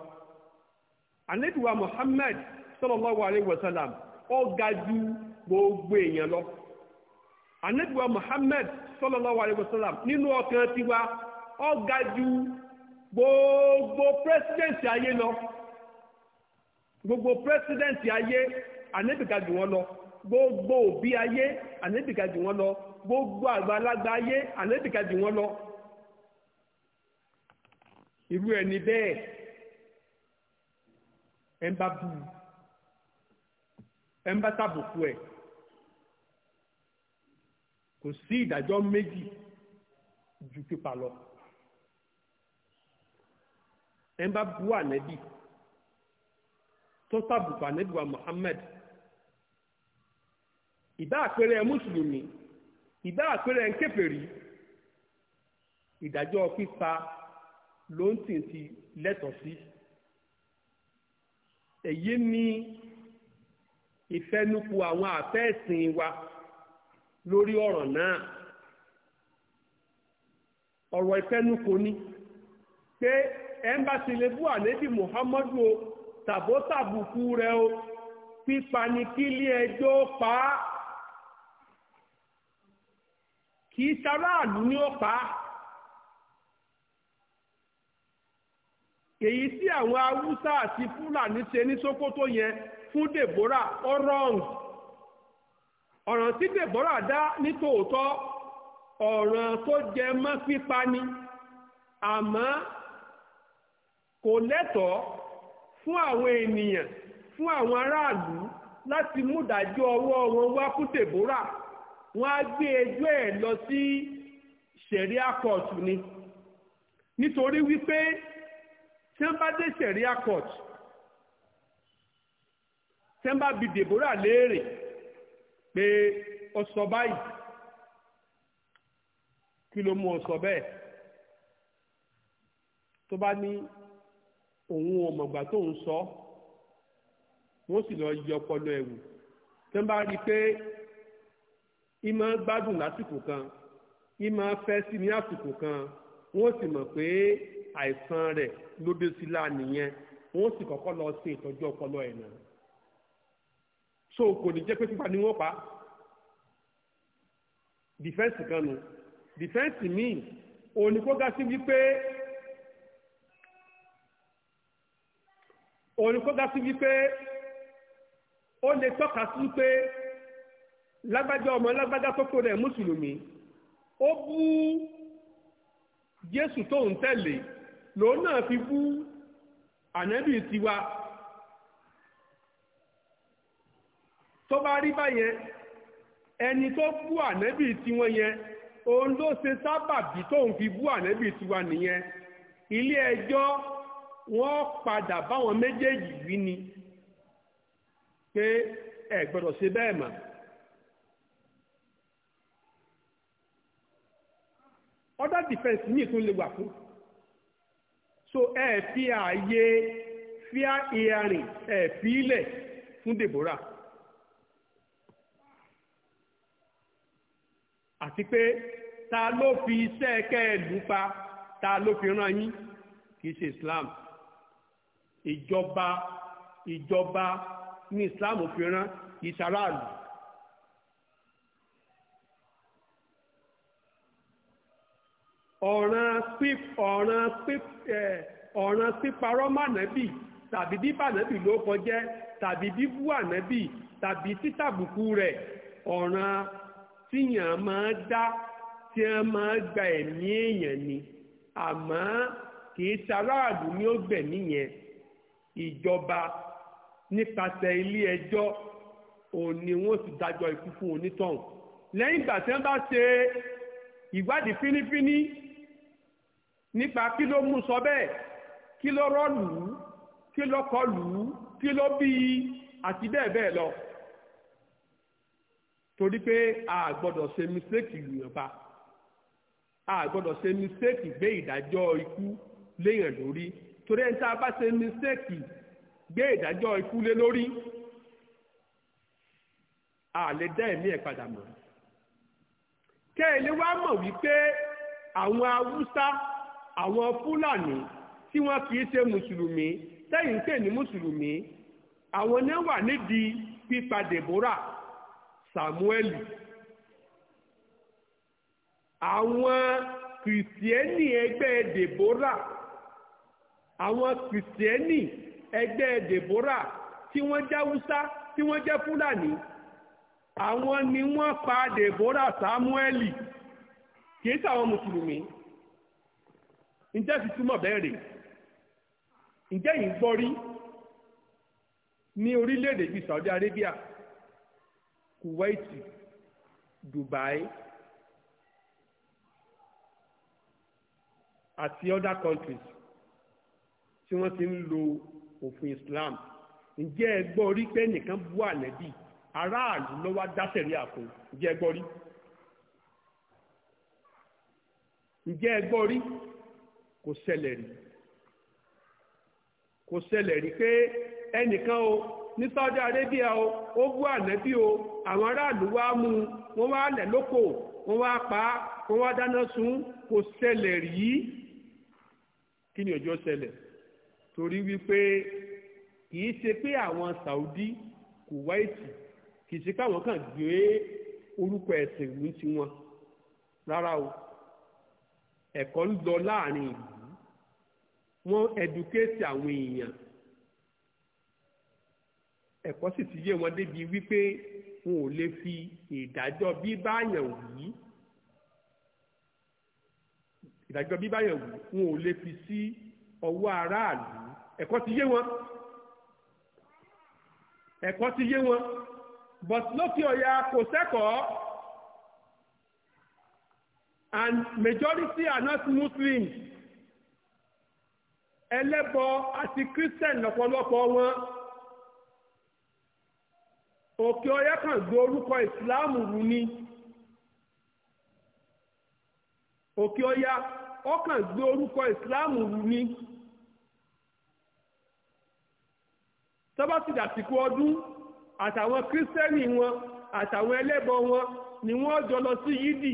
ànábì wa Muhammad sallallahu alayhi wa sallam gbogbo èèyàn lọ. anabiwa Muhammad sallallahu alayhi wa sallam nínú ọkàn tiwa ó ga ju gbogbo pírẹsidẹǹtì ayé lọ gbogbo pírẹsidẹǹtì ayé anabi ga jù wọ́n lọ gbogbo òbí ayé anabi ga jù wọ́n lọ gbogbo àgbàlagbà ayé anabi ga jù wọ́n lọ irú ẹni bẹ́ẹ̀ ẹ̀ bú ẹ̀ ń bá kò sí ìdájọ́ méjì ju pípa lọ ẹ bá bú ànẹ́bì tó tàbùkù ànẹ́bì wa Muhammad ìbá àpẹẹrẹ mùsùlùmí ìbá àpẹẹrẹ kèfèrí ìdájọ́ pípa ló ń tì ti lẹ́tọ̀ọ́ sí èyí ni ìfẹnukù àwọn àfẹ́ẹ̀sìn wa lórí ọ̀rọ̀ náà ọ̀rọ̀ ìfẹ́nukò ni pé ẹ́mbàsí lè bú ànẹ́bì Muhammadu o tàbó tàbùkù rẹ o pípa ni kílé ẹjọ́ pa á kìí ṣaráàlú ní ó pa á èyí tí àwọn Haúsá àti Fúlàní ṣe ní Sókótó yẹn fún Deborah orong ọ̀ràn tí Dèbọ́rà dá ní tòótọ́ ọ̀ràn tó jẹ mọ́ pípa ni àmọ́ kò lẹ́tọ̀ọ́ fún àwọn ènìyàn fún àwọn aráàlú láti mú ìdájọ́ ọwọ́ wọn wá fún Dèbọ́rà wọ́n á gbé ẹjọ́ ẹ̀ lọ sí sẹ̀ríà kọ́ọ̀tù ni nítorí wípé tí wọ́n bá dé sẹ̀ríà bi Dèbọ́rà léèrè pé ó sọ báyìí kí ló mú ọ sọ bẹ́ẹ̀ tó bá ní òun ò mọ̀gbà tó ń sọ wọ́n sì lọ yí ọpọlọ ẹ̀wù tó ń bá rí i pé ìmọ̀ gbádùn lásìkò kan ìmọ̀ fẹ́ sí ní àsìkò kan wọ́n sì mọ̀ pé àìsàn rẹ̀ ló dé sí láà nìyẹn wọ́n sì kọ́kọ́ lọ sí ìtọ́jú ọpọlọ ẹ̀ náà so kò ní jẹ́ pé pípa ni wọ́n pa dìfẹ́ǹsì kan nù dìfẹ́ǹsì míì òní kó ga sí wípé òní kó ga sí wípé ó lè tọ́ka sí wípé lágbájá ọmọ lágbájá tó kó rẹ̀ mùsùlùmí ó bú Jésù tó ń tẹ̀lé lòun náà fi bú ànábì tiwa. tó bá rí báyẹn ẹni tó bú ànẹ́bì tiwọn yẹn òun ló ṣe sábàbí tóun fi bú ànẹ́bì tiwa nìyẹn ilé ẹjọ́ wọ́n padà báwọn méjèèjì wí ni pé ẹ gbọ́dọ̀ ṣe bẹ́ẹ̀ mọ́. other defense míì tún lè wà fún so ẹ fi ààyè fíà ìyàrìn ẹ fi ilẹ̀ fún Deborah. àti pé ta ló fi iṣẹ́ kẹ́ẹ̀lú pa ta ló fi rán yín kì í ṣe Islam ìjọba ìjọba ní Islam fi rán ìṣaráàlú. ọ̀ràn píp ọ̀ràn píp ọ̀ràn píparọ́ mànẹ́bì tàbí bíbà nẹ́bì ló kọjẹ́ tàbí bíbú ànẹ́bì tàbí títàbùkù rẹ̀ ọ̀ràn tíyàn máa dá tí wọ́n máa gba ẹ̀mí èèyàn ni àmọ́ kì í ṣaráàlú ni ó gbẹ̀mí yẹn ìjọba nípasẹ̀ ilé ẹjọ́ òun ni wọ́n sì dájọ́ ikú fún onítọ̀hún lẹ́yìn ìgbà tí wọ́n bá ṣe ìwádìí fínífíní nípa kí ló mú sọ bẹ́ẹ̀ kí ló rọ́ lù ú kí ló kọ lù ú kí ló bí i àti bẹ́ẹ̀ bẹ́ẹ̀ lọ torí pé a gbọ́dọ̀ ṣe mistake lùyàn pa a gbọ́dọ̀ ṣe mistake gbé ìdájọ́ ikú léèyàn lórí torí ẹni tá a bá ṣe mistake gbé ìdájọ́ ikú lé lórí a lè dá ẹ̀mí ẹ̀ padà mọ́ kẹ́ẹ̀lẹ́ wá mọ̀ wípé àwọn haúsá àwọn fúlàní tí wọ́n kì ṣe mùsùlùmí tẹ́yìn pè ní mùsùlùmí àwọn náà wà nídìí pípa dèbórà Samueli àwọn kìrìsìtẹ́nì ẹgbẹ́ Deborah àwọn kìrìsìtẹ́nì ẹgbẹ́ Deborah tí wọ́n jẹ́ Hausa tí wọ́n jẹ́ Fúlàní àwọn ni wọ́n pa Deborah Samueli kìí sàwọn mùsùlùmí ǹjẹ́ fi túmọ̀ bẹ́ẹ̀ rè ǹjẹ́ yìí gbọ́ ní orílẹ̀-èdè bíi Saudi Arabia Kuwait Dubai àti other countries tí wọ́n ti ń lo òfin Islam ǹjẹ́ ẹ gbọ́ rí pé nìkan bú ànẹ́bí aráàlú lọ́wọ́ wá dáṣẹ̀rí àfún ǹjẹ́ ẹ gbọ́ rí ǹjẹ́ ẹ gbọ́ rí kò ṣẹlẹ̀ rí kò ṣẹlẹ̀ rí pé ẹnìkan o ní Saudi Arabia o ó bú ànẹ́bí o àwọn aráàlú wá mú wọn wá lẹ̀ lóko wọn wá pa wọn wá dáná sun kò ṣẹlẹ̀ rí kí ni ọjọ́ ṣẹlẹ̀ torí wípé kì ṣe pé àwọn Saudi Kuwaiti kì í ṣe pé àwọn kan gbé orúkọ ẹ̀sìn ìlú tiwọn rárá o ẹ̀kọ́ ń lọ láàrin ìlú wọ́n ẹ̀dùkéètì àwọn èèyàn ẹ̀kọ́ sì ti yé wọn débi wípé wọn ò lè fi ìdájọ́ bíbáyàn wí ìdájọ́ bíbáyàn wí wọn ò lè fi sí ọwọ́ aráàlú ẹ̀kọ́ ti yé wọn ẹ̀kọ́ ti yé wọn but lókè ọ̀yà kò sẹ́kọ̀ọ́ and majority are not Muslims ẹlẹ́bọ àti Christian lọ́pọ̀lọpọ̀ wọn. òkè ọyá kan gbé orúkọ ìsìláàmù rú ni òkè ọyá ọkàn gbé orúkọ ìsìláàmù rú ni tọ́bátì dàsìkò ọdún àtàwọn kírísítẹ́nì wọn àtàwọn ẹlẹ́bọ wọn ni wọn jọ lọ sí yídì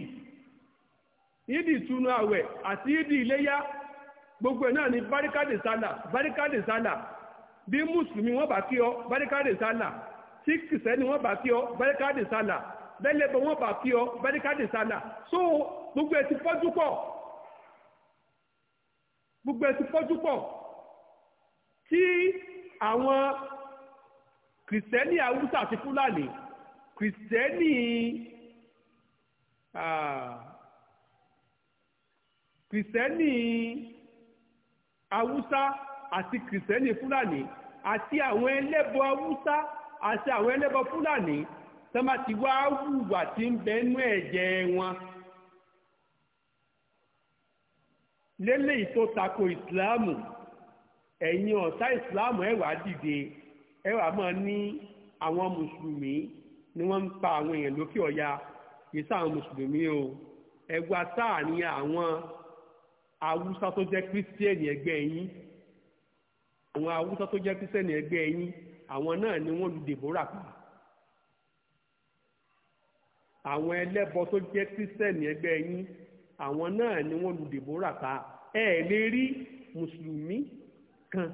yídì túnú àwẹ̀ àti yídì iléyá gbogbo ẹ̀ náà ni báríkádè sálà báríkádè sala bí mùsùlùmí wọ́n bá kí ọ báríkádè tí kìsẹ́ni wọ́n bá kí ọ bẹ́ríkádì sálà bẹ́lẹ́bọ̀ wọ́n bá kí ọ bẹ́ríkádì sálà so gbogbo ẹ̀ ti fọ́jú pọ̀ gbogbo ẹ̀ ti fọ́jú pọ̀ tí àwọn kìsẹ́ni haúsá àti fúlàní kìsẹ́ni kìsẹ́ni haúsá àti kìsẹ́ni fúlàní àti àwọn ẹlẹ́bọ haúsá àti àwọn ẹlẹ́bọ fúlàní tó bá ti wá hùwà tí ń bẹnú ẹ̀jẹ̀ wọn lélẹ́yìí tó tako ìsìláàmù ẹ̀yin ọ̀tá ìsìláàmù ẹ̀wà dìde ẹ̀wà máa ní àwọn mùsùlùmí ni wọ́n ń pa àwọn èèyàn lókè ọ̀ya kìí sáwọn mùsùlùmí o ẹgbà táà ní àwọn awúsá tó jẹ́ kírísítẹ́nì ẹgbẹ́ yín àwọn awúsá tó jẹ́ kírísítẹ́nì ẹgbẹ́ yín àwọn náà ni wọ́n lu Dèbórà pa àwọn ẹlẹ́bọ tó jẹ́ kírísítẹ́nì ẹgbẹ́ yín àwọn náà ni wọ́n lu Dèbórà pa ẹ lè rí mùsùlùmí kan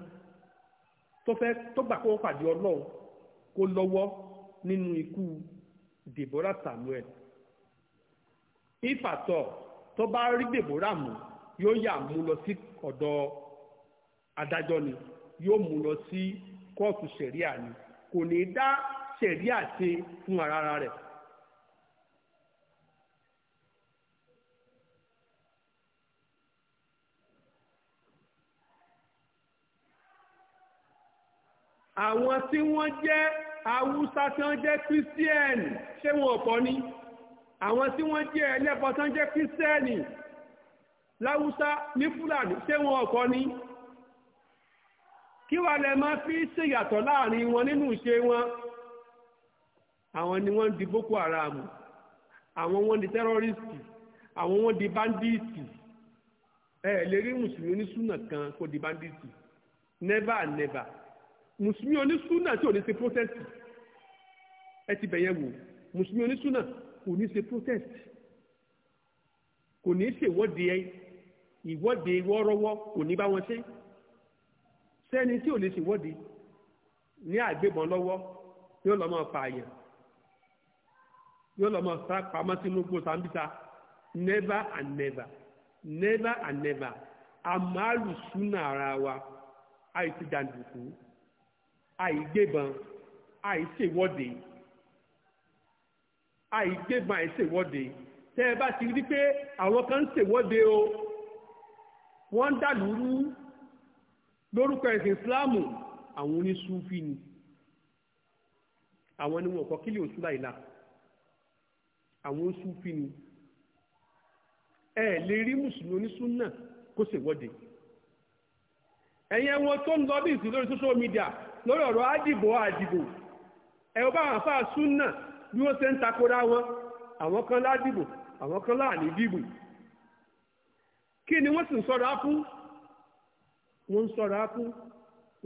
tó fẹ́ tó gbà kó pàdé Ọlọ́run kó lọ́wọ́ nínú ikú Dèbórà Samuel ìfàtọ̀ tó bá rí Dèbórà mú yóò yà mú lọ sí ọ̀dọ̀ adájọ́ ni yóò mú lọ sí. Si kóòtù sẹ̀ríà ni kò ní dá sẹ̀ríà ṣe fún ara rẹ̀. àwọn tí wọ́n jẹ́ awúsá tí wọ́n jẹ́ kírísítíẹ̀nì ṣé wọn ọ̀pọ̀ ni àwọn tí wọ́n jẹ́ ẹlẹ́bọ tí wọ́n jẹ́ kírísítíẹ̀nì láwúsá ní fúlàní ṣé wọn ọ̀pọ̀ ni kí wàá lẹ máa fi ṣèyàtọ̀ láàrin wọn nínú ìṣe wọn àwọn ni wọ́n di boko haram àwọn wọ́n di tẹ́rọ́rìsì àwọn wọ́n di bandits ẹ lè mùsùlùmí onísùnà kan kó di bandits never never mùsùlùmí onísùnà tí ò ní ṣe protest ẹ ti bẹ̀yẹ̀ wò mùsùlùmí onísùnà kò ní ṣe protest kò ní ṣèwọ́de ìwọ́de wọ́rọ́wọ́ kò ní bá wọn ṣe. sẹ́ni tí ò lè ṣèwọ́de ní àgbébọn lọ́wọ́ yóò never and never never and never àmàlù súnà ara wa àìsí jàǹdùkú àìgbébọn àìṣèwọ́de àìgbébọn àìṣèwọ́de tẹ́ ẹ bá ti rí pé àwọn kan ń o wọ́n ń lórúkọ ẹ̀sìn ìsìláàmù àwọn oníṣúfì ni àwọn ni wọn kọ kílì oṣù láìla àwọn oníṣúfì ni ẹ lè rí mùsùlùmí oníṣúnà kó ṣèwọ́de ẹ̀yin ẹ̀wọ̀n tó ń lọ bí ìsìn lórí social media lórí ọ̀rọ̀ àdìbò àdìbò ẹ̀wọ̀n bá àwọn afáà súnà bí wọ́n ṣe ń takora wọn àwọn kan ládìbò àwọn kan láàní dìbò kí ni wọ́n sì ń sọ̀rọ̀ á fún wọ́n ń sọ̀rọ̀ fún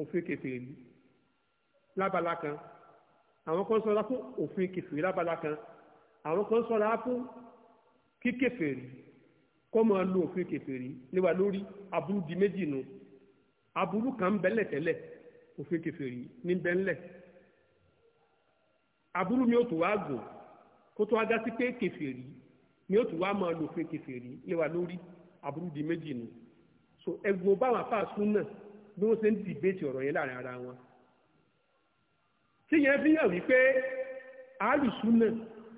òfin kèfèrí lábala kan àwọn kan sọ̀rọ̀ fún òfin kèfèrí lábala kan àwọn kan sọ̀rọ̀ fún kíkèfèrí kọ́ máa lo òfin kèfèrí níwà lórí aburú di méjì nu aburú kan ń bẹ́lẹ̀ tẹ́lẹ̀ òfin kèfèrí ní bẹ́ńlẹ̀ aburú ni ó tó wá gùn kó tó wá dá sí pé kèfèrí ni ó tó wá máa lo òfin kèfèrí níwà lórí aburú di méjì nu. so ẹgbọn báwọn afáàsùn náà bí wọ́n ṣe ń dìbẹ́tì ọ̀rọ̀ yẹn láàrin ara wọn tí yẹn fi hàn wípé àálùsùn náà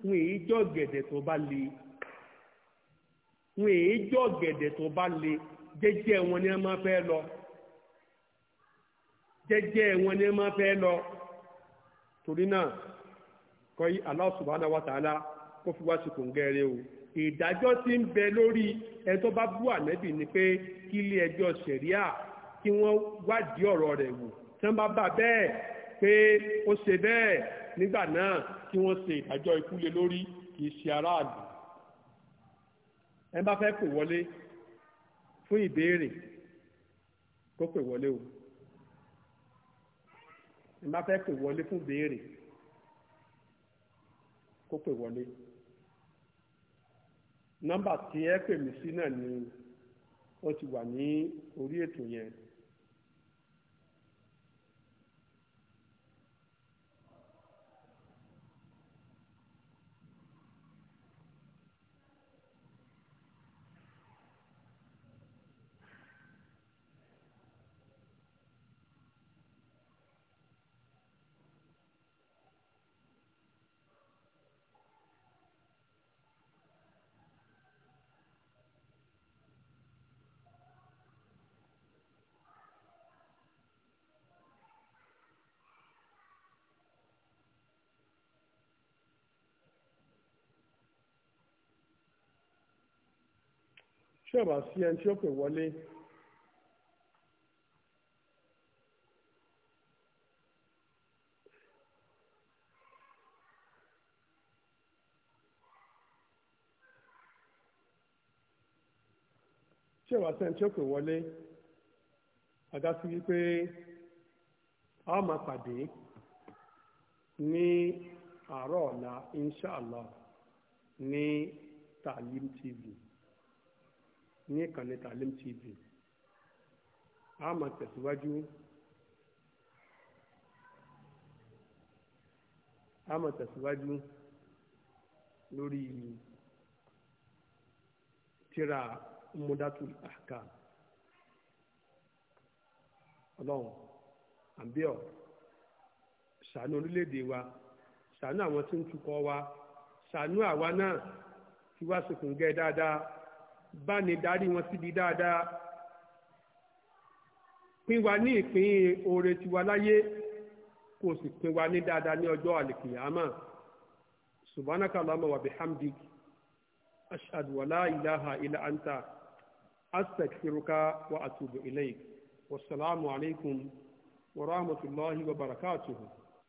wọn èyí jọ gẹ̀dẹ̀ tó bá le wọn èyí jọ gẹ̀dẹ̀ tó bá le wọn ni máa fẹ́ lọ wọn ni lọ torí náà kọ́ yí Allah subhanahu kó fi wá ìdájọ́ tí ń bẹ lórí ẹni tó bá bú ànẹ́bì ni pé kí ilé ẹjọ́ ṣẹ̀ríà kí wọ́n wádìí ọ̀rọ̀ rẹ̀ wò tí wọ́n bá bà bẹ́ẹ̀ pé ó ṣe bẹ́ẹ̀ nígbà náà kí wọ́n ṣe ìdájọ́ ikú lórí kì í ṣe aráàlú ẹ bá fẹ́ pè wọlé fún ìbéèrè kó pè wọlé o ẹ bá fẹ́ pè wọlé fún ìbéèrè kó pè wọlé nọ́mbà tí ẹ pè mí sí náà ni ó ti wà ní orí ètò yẹn tí ọ̀bà sí ẹni tí ó pè wọlé tí ọ̀bà sí ẹni tí ó pè wọlé àga Talim TV. ní ìkànnì Talim TV a máa tẹ̀síwájú a máa tẹ̀síwájú lórí tírà Umdatul Ahkam ọlọ́run àbíọ̀ ṣàánú orílẹ̀-èdè wa ṣàánú àwọn tí ń tukọ̀ wa ṣàánú àwa náà kí wá ṣokùngẹ́ dáadáa bá ní darí wọn síbi dáadáa pín wa ní ìpín oore tiwa láyé kó o sì pín wa ní dáadáa ní ọjọ́ àlìkìyàmà subhanaka allahumma wa bihamdik ashhadu wa la ilaha illa anta astaghfiruka wa atubu ilayk wasalaamu alaykum wa rahmatulahi wa barakatuhu.